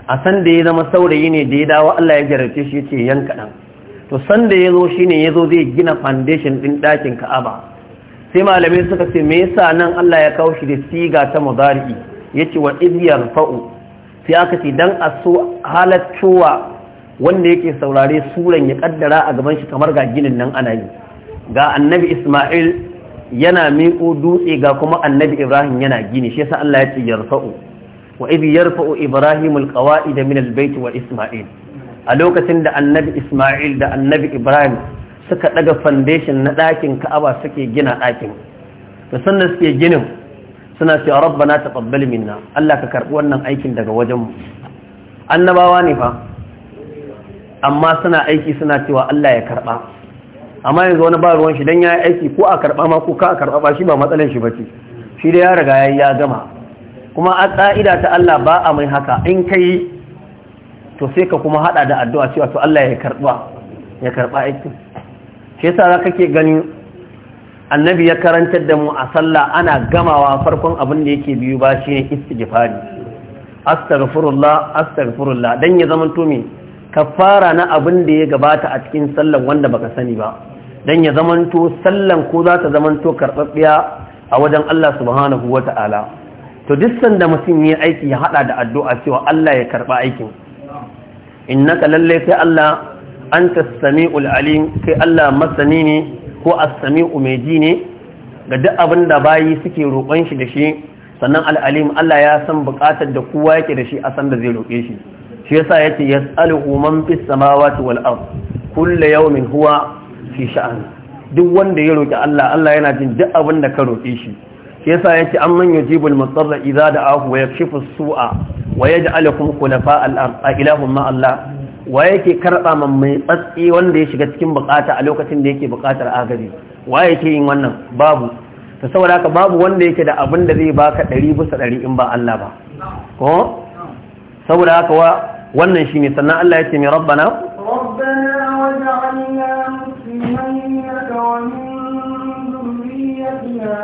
a san da ya zama saurayi ne da ya dawo allah ya jarabce shi ce yanka kaɗan to san da ya zo shi ne ya zo zai gina foundation ɗin ɗakin ka'aba sai malamai suka ce me yasa nan allah ya kawo shi da siga ta mudari ya ce wa idiyar fa'u sai aka ce dan a so halattowa wanda yake saurare suran ya kaddara a gaban shi kamar ga ginin nan ana yi ga annabi isma'il yana miƙo dutse ga kuma annabi ibrahim yana gini shi yasa Allah ya ce yarfa'u wa idh yarfa'u ibrahim alqawa'id min albayt wa isma'il a lokacin da annabi isma'il da annabi ibrahim suka daga foundation na ɗakin ka'aba suke gina ɗakin da sannan suke ginin suna cewa rabbana taqabbal minna Allah ka karbi wannan aikin daga wajen mu annabawa ne fa amma suna aiki suna cewa Allah ya karba amma yanzu wani ba ruwan shi dan ya yi aiki ko a karɓa ma ko ka a karɓa ba shi ba matsalan shi bace shi da ya riga ya ya gama kuma a ƙa'ida ta Allah ba a mai haka in kai to sai ka kuma haɗa da addu'a cewa to Allah ya karɓa ya karɓa aikin shi yasa za kake gani annabi ya karantar da mu a sallah ana gamawa farkon abin da yake biyu ba shi ne istighfari astaghfirullah astaghfirullah dan ya zama to me kafara na abin da ya gabata a cikin sallar wanda baka sani ba dan ya zamanto sallan ko za ta zamanto karɓaɓɓiya a wajen Allah subhanahu wa ta'ala to duk sanda mutum ya aiki ya haɗa da addu'a cewa Allah ya karɓa aikin innaka lallai sai Allah anta sami'ul alim kai Allah masani ne ko a sami mai ne ga duk abin da bayi suke roƙon shi da shi sannan al Allah ya san buƙatar da kowa yake da shi a san da zai roƙe shi shi yasa yace yas'aluhu man fis samawati wal ard kullu yawmin huwa fi sha'ani duk wanda ya roki Allah Allah yana jin duk abin da ka roke shi yasa yake an man yajibul mutsarra idza da'ahu wa yakshifu as-su'a wa yaj'alukum khulafa al-ard a ilahum ma Allah wa yake karba man mai tsatsi wanda ya shiga cikin bukata a lokacin da yake bukatar agaji wa yake yin wannan babu ta saboda haka babu wanda yake da abin da zai baka 100 bisa 100 in ba Allah ba ko saboda haka wa wannan shine sannan Allah yake mai rabbana rabbana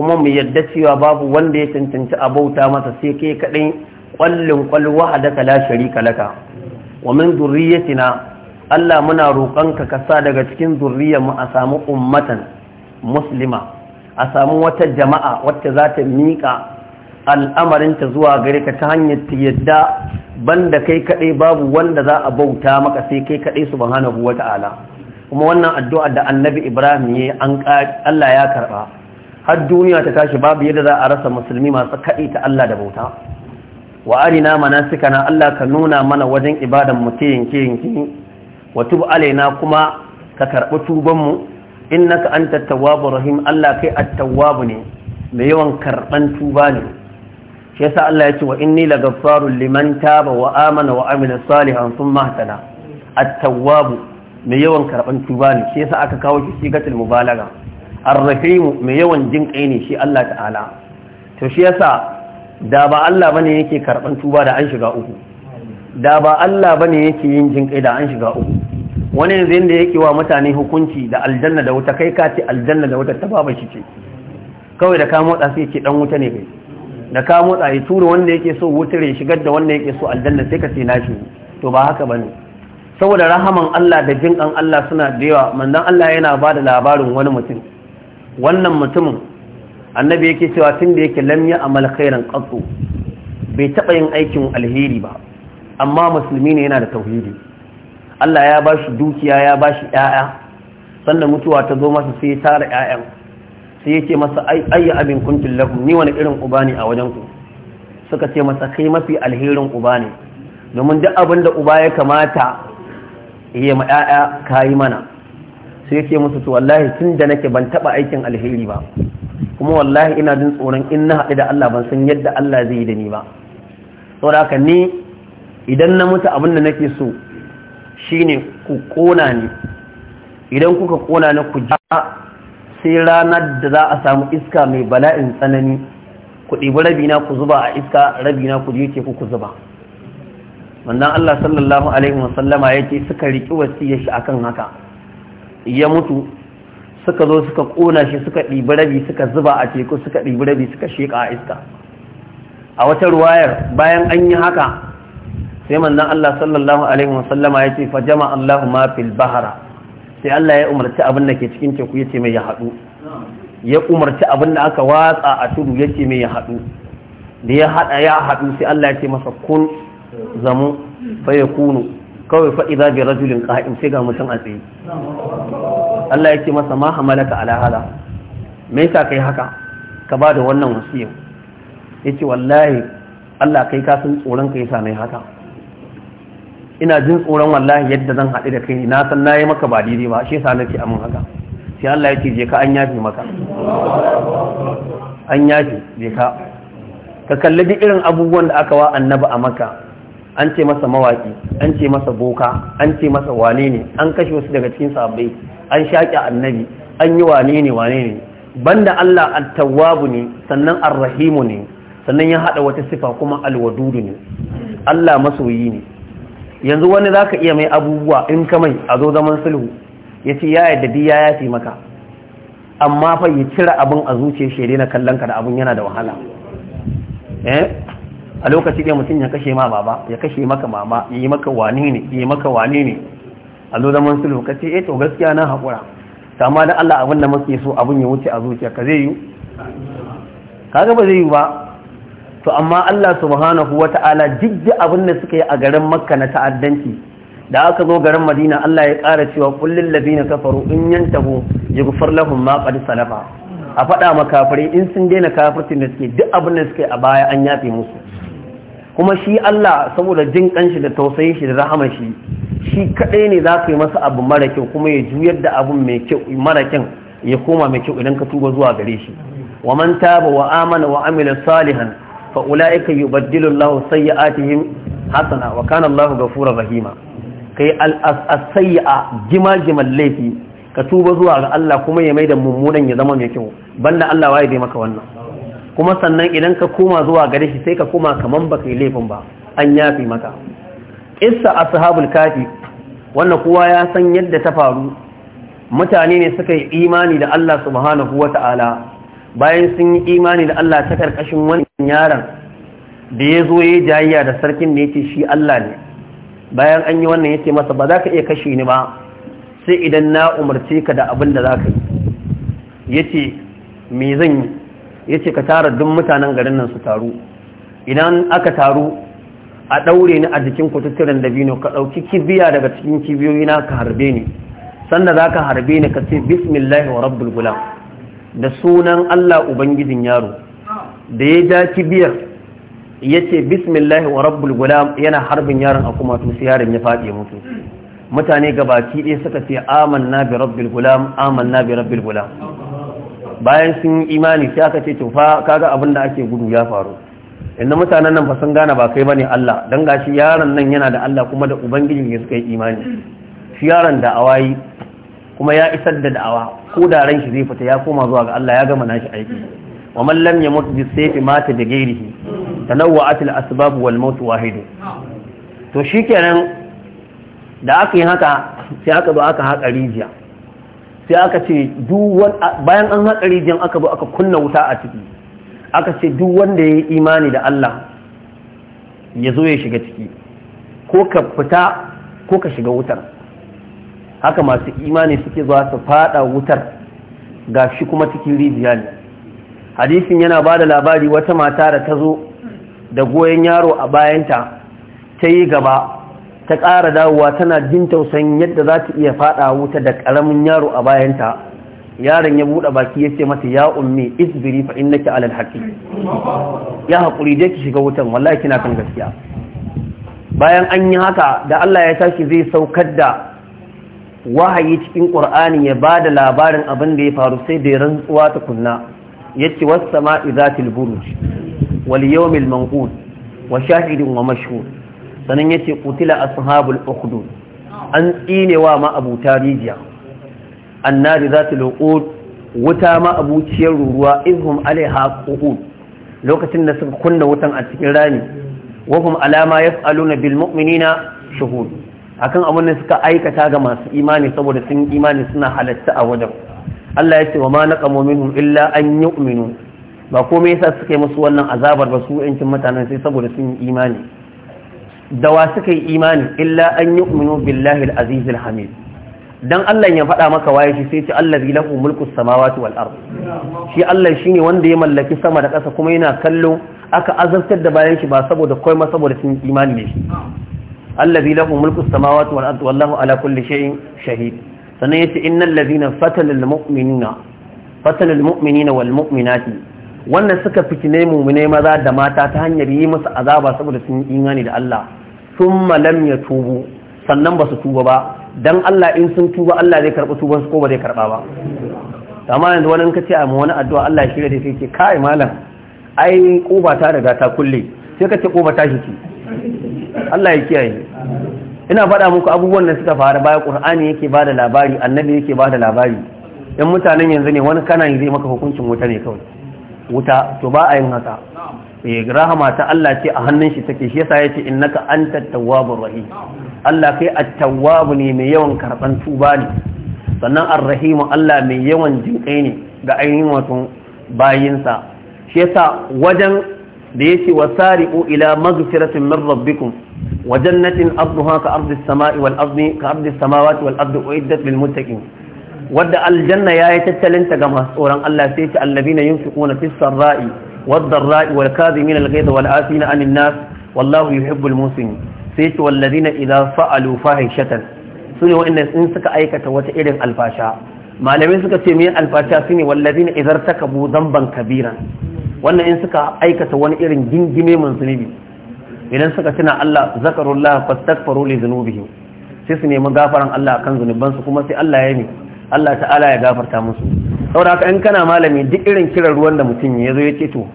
kuma mu yadda cewa babu wanda ya cancanci abauta masa sai kai kaɗai ƙwallin ƙwalwa a daka la sharika laka wa min zurriyatina Allah muna roƙonka ka sa daga cikin zurriyar mu a samu ummatan muslima a samu wata jama'a wacce za ta miƙa al'amarinta zuwa gare ka ta hanyar ta yadda banda kai kaɗai babu wanda za a bauta maka sai kai kaɗai subhanahu wata'ala kuma wannan addu'a da annabi ibrahim ya an Allah ya karɓa har duniya ta tashi babu yadda za a rasa musulmi masu kaɗi ta Allah da bauta wa arina na Allah ka nuna mana wajen ibadan mu ta yanke wa tub alaina kuma ka karɓi tuban mu innaka anta tawwabu rahim Allah kai at-tawwabu ne mai yawan karɓan tuba ne shi yasa Allah ya ce wa inni lagaffarul liman taba wa amana wa amila salihan thumma tada at-tawwabu mai yawan karɓan tuba ne shi yasa aka kawo shi sigatul mubalaga arrahimu mai yawan jin ne shi Allah ta'ala to shi yasa da ba Allah bane yake karban tuba da an shiga uku da ba Allah bane yake yin jin da an shiga uku wani yanzu yanda yake wa mutane hukunci da aljanna da wuta kai ka ce aljanna da wuta ta baba shi ce kawai da ka motsa sai ce dan wuta ne kai da ka motsa ya tura wanda yake so wutar ya shigar da wanda yake so aljanna sai ka ce nashi to ba haka bane saboda rahaman Allah da jin Allah suna da yawa manzon Allah yana ba da labarin wani mutum wannan mutumin annabi yake cewa tun da yake lamya a malakairan khairan bai taɓa yin aikin alheri ba amma musulmi ne yana da tauhidi Allah ya bashi dukiya ya ba shi ƴaƴa sannan mutuwa ta zo masa sai tara ƴaƴan sai yake masa ayyar abin kuntun lakum ni wani irin uba ne a wajen suka ce masa kai mafi alherin uba ne domin duk abin da uba ya kamata ya ma ƴaƴa yi mana sai ce musu to wallahi tun da nake ban taba aikin alheri ba kuma wallahi ina jin tsoron in na haɗu da Allah ban san yadda Allah zai yi da ni ba saboda haka ni idan na mutu abin da nake so shine ku kona ni idan kuka kona ni ku ja sai ranar da za a samu iska mai bala'in tsanani ku ɗibi rabina ku zuba a iska rabina ku je teku ku zuba wannan Allah sallallahu alaihi wasallama ya suka riƙi wasiyar shi akan haka ya mutu suka zo suka ƙona shi suka ɗibi rabi suka zuba a teku suka ɗibi rabi suka sheƙa a iska a wata ruwayar bayan an yi haka sai manzon Allah sallallahu alaihi wasallama ya ce fa jama Allahu ma fil sai Allah ya umarci abin da ke cikin teku yace mai ya haɗu ya umarci abin da aka watsa a tudu yace mai ya haɗu da ya haɗa ya haɗu sai Allah ya ce masa kun zamu fa yakunu kawai fa idza bi rajulin qa'im sai ga mutum a tsaye Allah yake masa ma hamalaka ala hala me yasa kai haka ka ba da wannan wasiya yace wallahi Allah kai ka san tsoron kai sa mai haka ina jin tsoron wallahi yadda zan haɗu da kai na san nayi maka ba daidai ba shi yasa nake amin haka sai Allah yake je ka an yafi maka an yafi je ka ka kalli duk irin abubuwan da aka wa annabi a maka an ce masa mawaki an ce masa boka an ce masa wane ne an kashe wasu daga cikin sahabbai an shaƙi annabi an yi wane ne wane ne banda Allah at-tawwabu ne sannan ar-rahimu ne sannan ya hada wata sifa kuma al-wadudu ne Allah masoyi ne yanzu wani zaka iya mai abubuwa in ka mai a zo zaman sulhu yace ya yadda di ya yafi maka amma fa ya cire abin a zuciyar shi na kallon ka da abun yana da wahala eh a lokaci ɗaya mutum ya kashe ma baba ya kashe maka mama ya yi maka wani ne ya yi maka wani ne a zo zaman sulhu ka ce eh, to gaskiya na haƙura ma da Allah abin da muke so abin ya wuce a zuciya ka zai yi kaga ba zai yi ba to amma Allah subhanahu ta'ala jidda abin da suka yi a garin Makka na ta'addanci da aka zo garin Madina Allah ya ƙara cewa kullil ladina kafaru in yantahu yaghfar lahum ma qad salafa a faɗa makafirai in sun daina kafircin da suke duk abin da suka yi a baya an yafe musu kuma shi Allah saboda jin kanshi da tausayin shi da rahaman shi shi kadai ne za ka yi masa abu mara kyau kuma ya juyar da abu mai kyau mara kyau ya koma mai kyau idan ka tuba zuwa gare shi wa man taba wa amana wa amila salihan fa ulaika yubaddilu Allahu sayyi'atihim hasana wa kana Allahu ghafurur rahima kai al-sayyi'a jimal laifi ka tuba zuwa ga Allah kuma ya maida mummunan ya zama mai kyau banda Allah waye bai maka wannan kuma sannan idan ka koma zuwa gare shi sai ka koma kamar baka yi laifin ba an yafi maka issa ashabul kafi wannan kowa ya san yadda ta faru mutane ne suka yi imani da Allah subhanahu wata'ala bayan sun yi imani da Allah ta karkashin wani yaron da ya zo ya jayayya da sarkin da yake shi Allah ne bayan an yi wannan yake masa ba za ka iya kashe ni ba sai idan na umarce ka da abin da za ka yi ce me zan yi yace ka tara duk mutanen garin nan su taru idan aka taru a ɗaure ni a jikin kututturen dabino ka ɗauki kibiya daga cikin kibiyoyi na ka harbe ni sanda zaka harbe ni ka ce bismillah wa rabbul gulam da sunan Allah ubangijin yaro da ya ja kibiyar yace bismillah wa rabbul gulam yana harbin yaron a kuma tusi yaron ya faɗi mutu mutane gabaki ɗaya suka ce amanna bi rabbil gulam amanna bi rabbil gulam bayan sun yi imani sai aka ce tufa kaga abin da ake gudu ya faru inda mutanen nan ba sun gane ba kai bane Allah dan gashi yaron nan yana da Allah kuma da ubangiji ne suka yi imani shi yaron da awayi kuma ya isar da da'awa ko da ran shi zai fita ya koma zuwa ga Allah ya gama nashi aiki wa man lam yamut bi sayfi mata da gairihi tanawwa'at al asbab wal maut wahid to shikenan da aka yi haka sai aka zo aka haƙa rijiya sai aka ce duwan bayan an haƙa rijiyar aka bi aka kunna wuta a ciki aka ce duk wanda ya yi imani da Allah ya zo ya shiga ciki ko ka fita ko ka shiga wutar haka masu imani suke zuwa su fada wutar ga shi kuma cikin rijiya ne hadisin yana ba da labari wata mata da ta zo da goyon yaro a bayanta ta yi gaba ta ƙara dawowa tana jin tausayin yadda za ta iya faɗa wuta da ƙaramin yaro a bayanta yaron ya buɗe baki ya ce mata ya ummi isbiri fa innaki alal haqi ya haƙuri dai ki shiga wutan wallahi kina kan gaskiya bayan an yi haka da Allah ya tashi zai saukar da wahayi cikin Qur'ani ya bada labarin abin da ya faru sai da rantsuwa ta kunna yace was sama'i zatil buruj wal yawmil manqul wa shahidin wa mashhud sannan yace qutila ashabul ukhdud an tsinewa ma abuta rijiya annari ta uqud wuta ma abuciyar ruruwa ihum alaiha qu'ud lokacin da suka kunna wutan a cikin rani wahum alama yaf'aluna bil mu'minina shuhud akan abin da suka aikata ga masu imani saboda sun imani suna halatta a wajen Allah ya ce wa ma naqamu minhum illa an yu'minu ba komai yasa suka yi musu wannan azabar ba su yankin mutanen sai saboda sun imani da wa suka yi imani illa an yi uminu billahi al-azizul hamid Don Allah ya faɗa maka waye shi sai ce Allah allazi lahu mulku samawati wal ard shi Allah shi ne wanda ya mallaki sama da ƙasa kuma yana kallo aka azabtar da bayan shi ba saboda koi ma saboda sun imani ne shi Allah allazi lahu mulku samawati wal ard wallahu ala kulli shay'in shahid sannan yace innal ladhina fatalul mu'minina fatalul mu'minina wal mu'minati wannan suka fitine mu'mine maza da mata ta hanyar yi musu azaba saboda sun imani da Allah sun malam ya tubu sannan ba su tuba ba don Allah in sun tuba Allah zai karɓi tubansu ko ba zai karɓa ba amma yanzu wani ka ce a wani addu'a Allah shi da sai ke kai malam ai ƙofa ta riga ta kulle sai ka ce ƙofa ta shiki Allah ya kiyaye ina faɗa muku abubuwan da suka faru baya ƙur'ani yake ba da labari annabi yake ba da labari in mutanen yanzu ne wani kana zai maka hukuncin wuta ne kawai wuta to ba a yin haka Eh, rahama ta Allah ce a hannun shi take shi yasa ce innaka anta tawwabur rahim Allah kai at-tawwab ne mai yawan karban tuba ne sannan ar-rahim Allah mai yawan jinkai ne ga ainihin wato bayinsa shi yasa wajen da yake wasari'u ila maghfiratin min rabbikum wa jannatin arduha ka ardis sama'i wal ardi ka ardis samawati wal ardi uiddat lil muttaqin wadda aljanna yayi tattalin ta ga masu tsoron Allah sai ce allazina yunfiquna ra'i, sarai ra'i, darai wal kadhimin al ghayz wal na anin nas wallahu yi yuhibbul muslimin sai ce wallazina idza fa'alu su ne wa'inda in suka aikata wata irin alfasha malamai suka ce min alfasha su ne na idan ta takabu dhanban kabiran wannan in suka aikata wani irin gingime mun zunubi idan suka tuna Allah zakarullah fastaghfiru li dhunubihim sai su nemi gafaran Allah akan zunubansu kuma sai Allah ya yi Allah ta'ala ya gafarta musu saboda haka in kana malami duk irin kiran ruwan da mutum ya zo ya ce to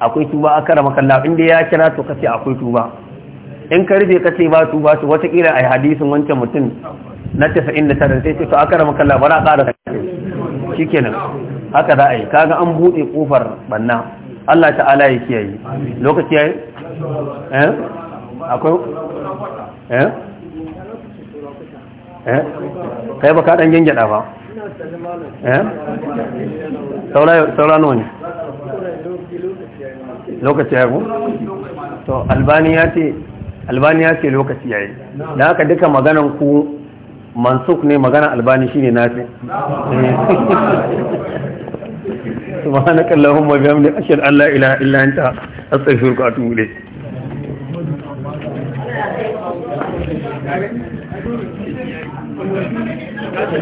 akwai tuba a kara makalla inda ya kira to kace akwai tuba in ka rufe kace ba tuba to wata kira ai hadisin wancan mutum na 99 sai ce to a kara makalla ba na ƙara shikenan haka za a yi kaga an buɗe kofar banna Allah ta'ala ya kiyaye lokaci yayi eh akwai eh Eh? kai baka dan gengeda ba eh? saura nawa ne lokaci ya yi to albani ya ce lokaci ya yi da aka duka maganan ku mansuk ne magana albani shine na ce subhanak allahumma bihamdi ashhad an la ilaha illa anta astaghfiruka wa atubu ilayk Gracias.